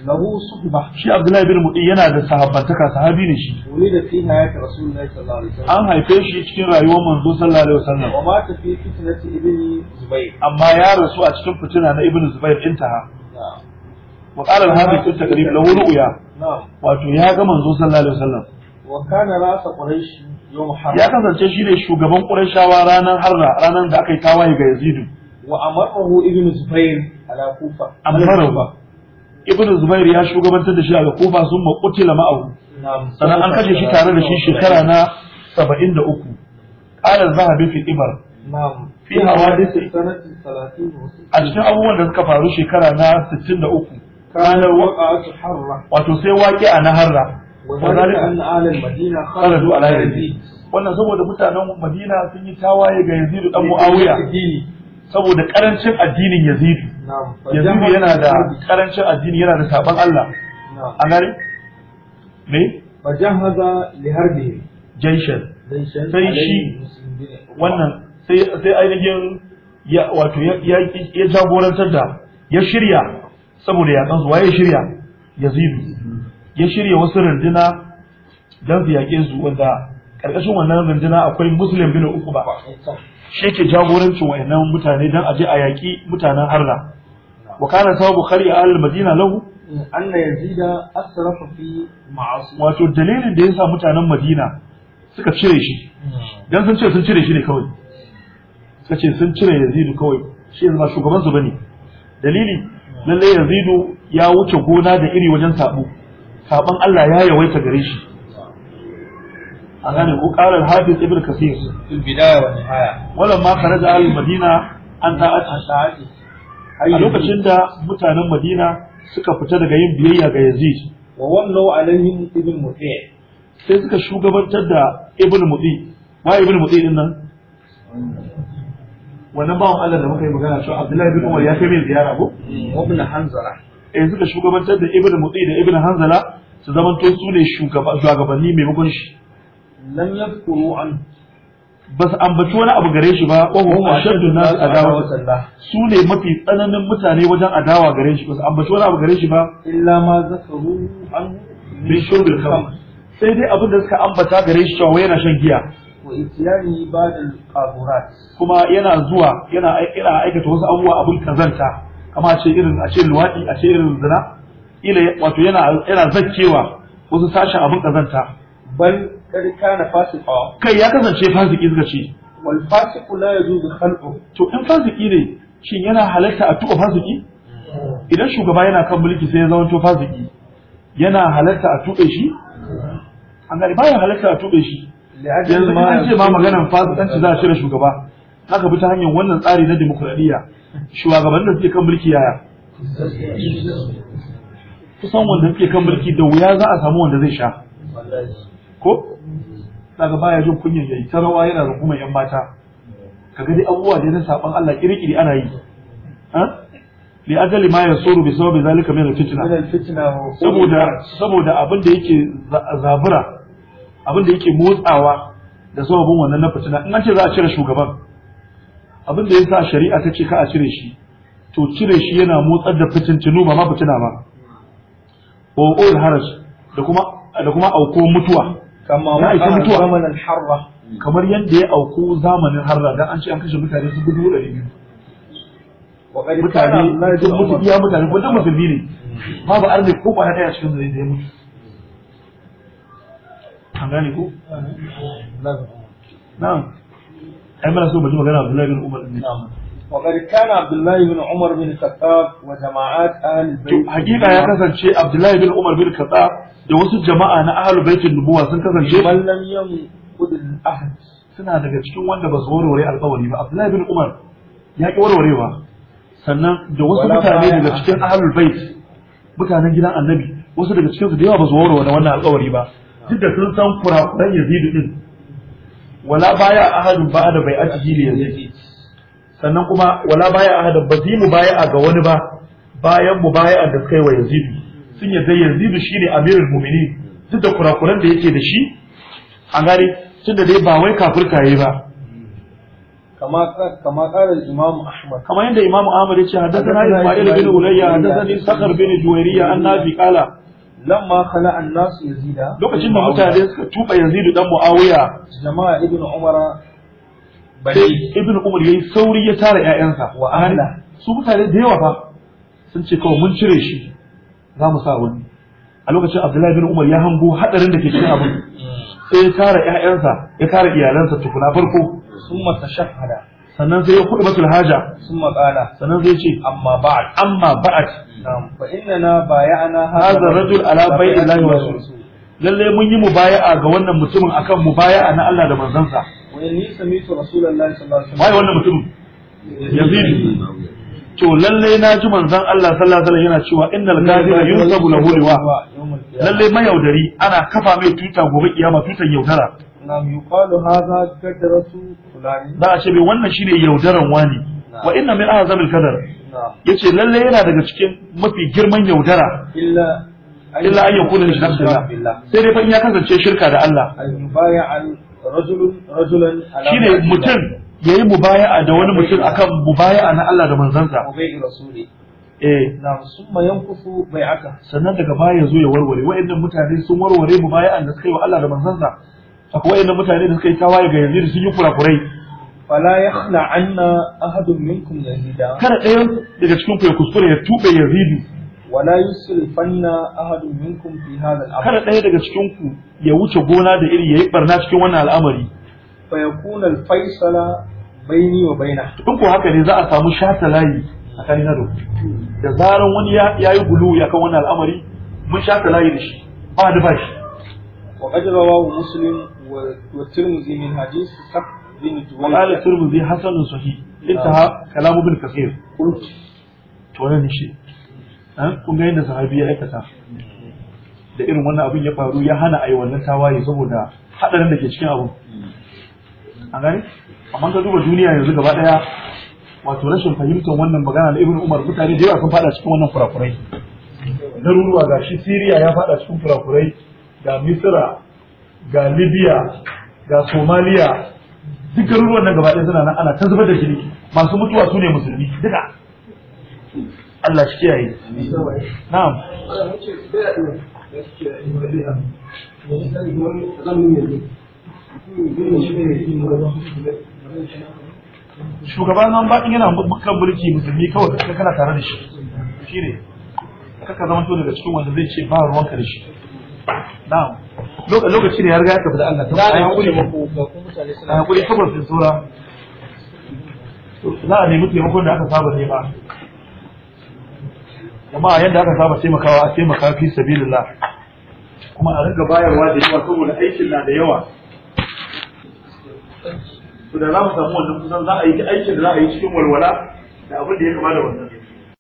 [SPEAKER 1] lahu suhba shi ɗin yana da sahabbantaka sahabi ne shi an haife shi cikin rayuwar manzo sallallahu alaihi wasallam
[SPEAKER 2] amma ya rasu
[SPEAKER 1] a cikin fitina na ibn zubair intaha wa qala al-hafiz fi taqrib lahu wato ya ga manzo sallallahu alaihi wasallam ya kasance shi ne shugaban qurayshawa ranar harra ranar da aka yi tawaye ga yazidu wa ibn zubair ya shugabantar da shi daga kufa sun maƙutila ma'ahu
[SPEAKER 2] sannan an kashe shi tare da shi shekara
[SPEAKER 1] na saba'in da uku ƙalar zahabi fi ibar
[SPEAKER 2] fi hawadisi
[SPEAKER 1] a cikin abubuwan da suka faru shekara na sittin da uku kanar wato sai waƙi a na harra kharaju ala yazid wannan saboda mutanen madina sun yi tawaye ga yazid dan muawiya saboda karancin addinin yazid
[SPEAKER 2] yanzu yana da
[SPEAKER 1] karancin addini yana da saban Allah an gane me fajahaza li harbi jenshin sai shi wannan sai ainihin wato ya jagorantar da ya shirya saboda ya kan zuwa ya shirya ya zidu ya shirya wasu runduna don su yaƙe su wanda ƙarƙashin wannan runduna akwai musulun bin uku ba shi ke jagorancin wayannan mutane don a je a yaƙi mutanen harna وكان ثواب خلي أهل المدينة له أن يزيد أسرف في معاصي wato dalilin da ya sa mutanen Madina suka cire shi dan sun ce sun cire shi ne kawai suka ce sun cire Yazidu kawai shi shugaban su bane dalili lalle Yazidu ya wuce gona da iri wajen sabo saban Allah ya yawaita gare shi a gane ko qala hafiz ibn kasir bidaya wa
[SPEAKER 2] nihaya wala ma kharaja al
[SPEAKER 1] madina an ta'at a lokacin da mutanen madina suka fita daga yin biyayya ga yazid wa wallo alaihim ibn muti sai suka shugabantar da ibn muti ma ibn muti din nan wannan wa Allah da muka yi magana cewa Abdullahi bin Umar ya kai mai ziyara ko mm, ibn Hanzala eh suka shugabantar da ibn muti da ibn Hanzala su to su ne shugabanni maimakon shi lam yadhkuru an ba su ambaci wani abu gare shi ba wa huwa na adawa su ne mafi tsananin mutane wajen adawa gare shi ba su ambaci wani abu gare shi ba illa ma zakaru an bi shurbil sai dai abin da suka ambata gare shi cewa yana shan giya wa ba da qaburat kuma yana zuwa yana yana aikata wasu abubuwa abin kazanta kama a ce irin a ce luwaɗi a ce irin zina ila wato yana yana zaccewa wasu sashen abin kazanta bal
[SPEAKER 2] kana fasiqa kai ya kasance
[SPEAKER 1] fasiki suka ce wal fasiqu la yajuzu khalqu to in fasiki ne shin yana halatta a tuba fasiki idan shugaba yana kan mulki sai ya zama to fasiki yana halatta a tube shi an gari ya halatta a tube shi
[SPEAKER 2] yanzu ma an ce ma kan fasikanci za a cire
[SPEAKER 1] shugaba haka bi ta hanyar wannan tsari na demokradiyya shugabannin da suke kan mulki yaya kusan wanda suke kan mulki da wuya za a samu wanda zai sha ko daga baya jin kunyar yayi ta rawa yana rungumar yan mata kaga dai abubuwa da na saban Allah kirkiri ana yi ha li ajali ma yasuru bi sababi zalika min fitna saboda saboda abin da yake zabura abin da yake motsawa da sababin wannan na fitina in an ce za a cire shugaban abin da yasa shari'a ta ce ka a cire shi to cire shi yana motsar da fitintinu ba ma fitina ba wa haraj da kuma da kuma auko mutuwa kama na mutuwa zamanin harra hmm. kamar yadda ya auku zamanin harra dan an ce an kashe mutane su gudu ɗari
[SPEAKER 2] biyu mutane sun mutu
[SPEAKER 1] iya mutane ko dan musulmi ne hmm. babu arzi ko ba ta cikin zai mutu an gane ko hmm. na'am ai mana so ji magana Abdullahi bin Umar bin Na'am وقد كان عبد الله بن عمر بن الخطاب وجماعات اهل البيت حقيقه يا كسانشي عبد الله بن عمر بن الخطاب da wasu jama'a na ahlul baitin sun kasance mallam yam kudin ahad suna daga cikin wanda ba su warware alƙawari ba abdullahi bin umar ya ki sannan da wasu mutane daga cikin ahlul mutanen gidan annabi wasu daga cikin su da yawa ba su warware wannan alƙawari ba duk da sun san kurakuran yazidu din wala baya ahadun ba da bai da yazid sannan kuma wala baya ahada ba zai mu baya ga wani ba bayan mu baya da suka wa yazidu sun yadda yazidu ne amirul mu'minin duk da kurakuran da yake da shi a gari tun da dai ba wai kafirka yayi ba kama karar imamu ahmad kama yadda imamu ahmad ya ce haddasa isma'il bin ulayya haddathani sakhar bin juwairiya annabi qala lamma khala an-nas yazida lokacin da mutane suka tuba yazidu dan muawiya jama'a ibn umara sai ibn umar yayi sauri ya tara ƴaƴansa wa ahla su mutane da yawa fa sun ce kawai mun cire shi za mu sa wani a lokacin abdullahi bin umar ya hango hadarin da ke cikin abin sai ya tara ƴaƴansa ya tara iyalansa tukuna farko summa tashahhada sannan sai ya kudu masul haja summa qala sannan sai ce amma ba'ad. amma ba'd fa
[SPEAKER 2] innana bay'ana hadha rajul ala bai'illahi wa
[SPEAKER 1] rasul lalle mun yi mubaya'a ga wannan mutumin akan mubaya'a na Allah da manzansa wani samitu rasulullahi sallallahu alaihi wasallam mutum yazid to lalle na ji manzon Allah sallallahu alaihi wasallam yana cewa innal kadhiba yunsabu lahu liwa lalle mayaudari ana kafa mai tuta gobe kiyama tutan yaudara
[SPEAKER 2] nam yuqalu hadha kadratu fulani
[SPEAKER 1] da a wannan shine yaudaran wani wa inna min azam al kadar yace lalle yana daga cikin mafi girman yaudara
[SPEAKER 2] illa illa an yakuna shirka billah sai dai fa in ya kasance
[SPEAKER 1] shirka da Allah al
[SPEAKER 2] mubayya shine
[SPEAKER 1] mutum ya yi mubaya'a da wani mutum akan mubaya'a na Allah da manzansa eh na summa yankufu aka sannan daga baya yazo ya warware wayannan mutane sun warware mubaya'an da suka yi wa Allah da manzansa akwai wayannan mutane da suka yi tawaye ga yanzu sun yi kurakurai fala yahna anna ahadun minkum yahida kada ɗayan daga cikin ku ya kuskure ya tube yazidu wala yusrifanna ahadun minkum fi hadha al-amr kada ɗaya daga cikin ku ya wuce gona da iri yayi barna cikin wannan al'amari fa yakuna al-faisala baini wa baina in ko haka ne za a samu shata layi a tsakanin da da zaran wani ya yi gulu ya kan wannan al'amari mun shata layi da shi ba da bashi wa qad rawahu muslim wa tirmidhi min hadith sa'd bin juwayh qala tirmidhi hasanun sahih
[SPEAKER 2] intaha
[SPEAKER 1] kalam ibn kathir to wannan shi Kunga yadda sahabi ya aikata da irin wannan abin ya faru ya hana a yi wannan tawaye saboda haɗarin da ke cikin abu a gani amma ka duba duniya yanzu gaba ɗaya wato rashin fahimtar wannan magana da ibn umar mutane da yawa sun fada cikin wannan kurakurai garuruwa ga shi siriya ya fada cikin kurakurai ga misira ga libya ga somaliya duk garuruwan nan gaba ɗaya suna nan ana ta zubar da jini masu mutuwa su ne musulmi duka Allah shi kiyaye
[SPEAKER 2] na'am shugaban
[SPEAKER 1] nan ba yana bukan mulki musulmi kawai ka kana tare da shi shi ne kaka zama daga cikin wanda zai ce ba ruwan ka da shi na'am lokaci ne ya riga ya tafi da Allah ta ayi hakuri muku ga ku mutane suna hakuri saboda sura za a nemi taimakon da aka saba nema jama'a yadda aka saba taimakawa a taimaka fi sabilillah kuma a rinka bayarwa da yawa saboda aikin na da yawa
[SPEAKER 2] to da za mu samu wannan kusan za a yi aikin da za a yi cikin walwala da abin da ya kama da wannan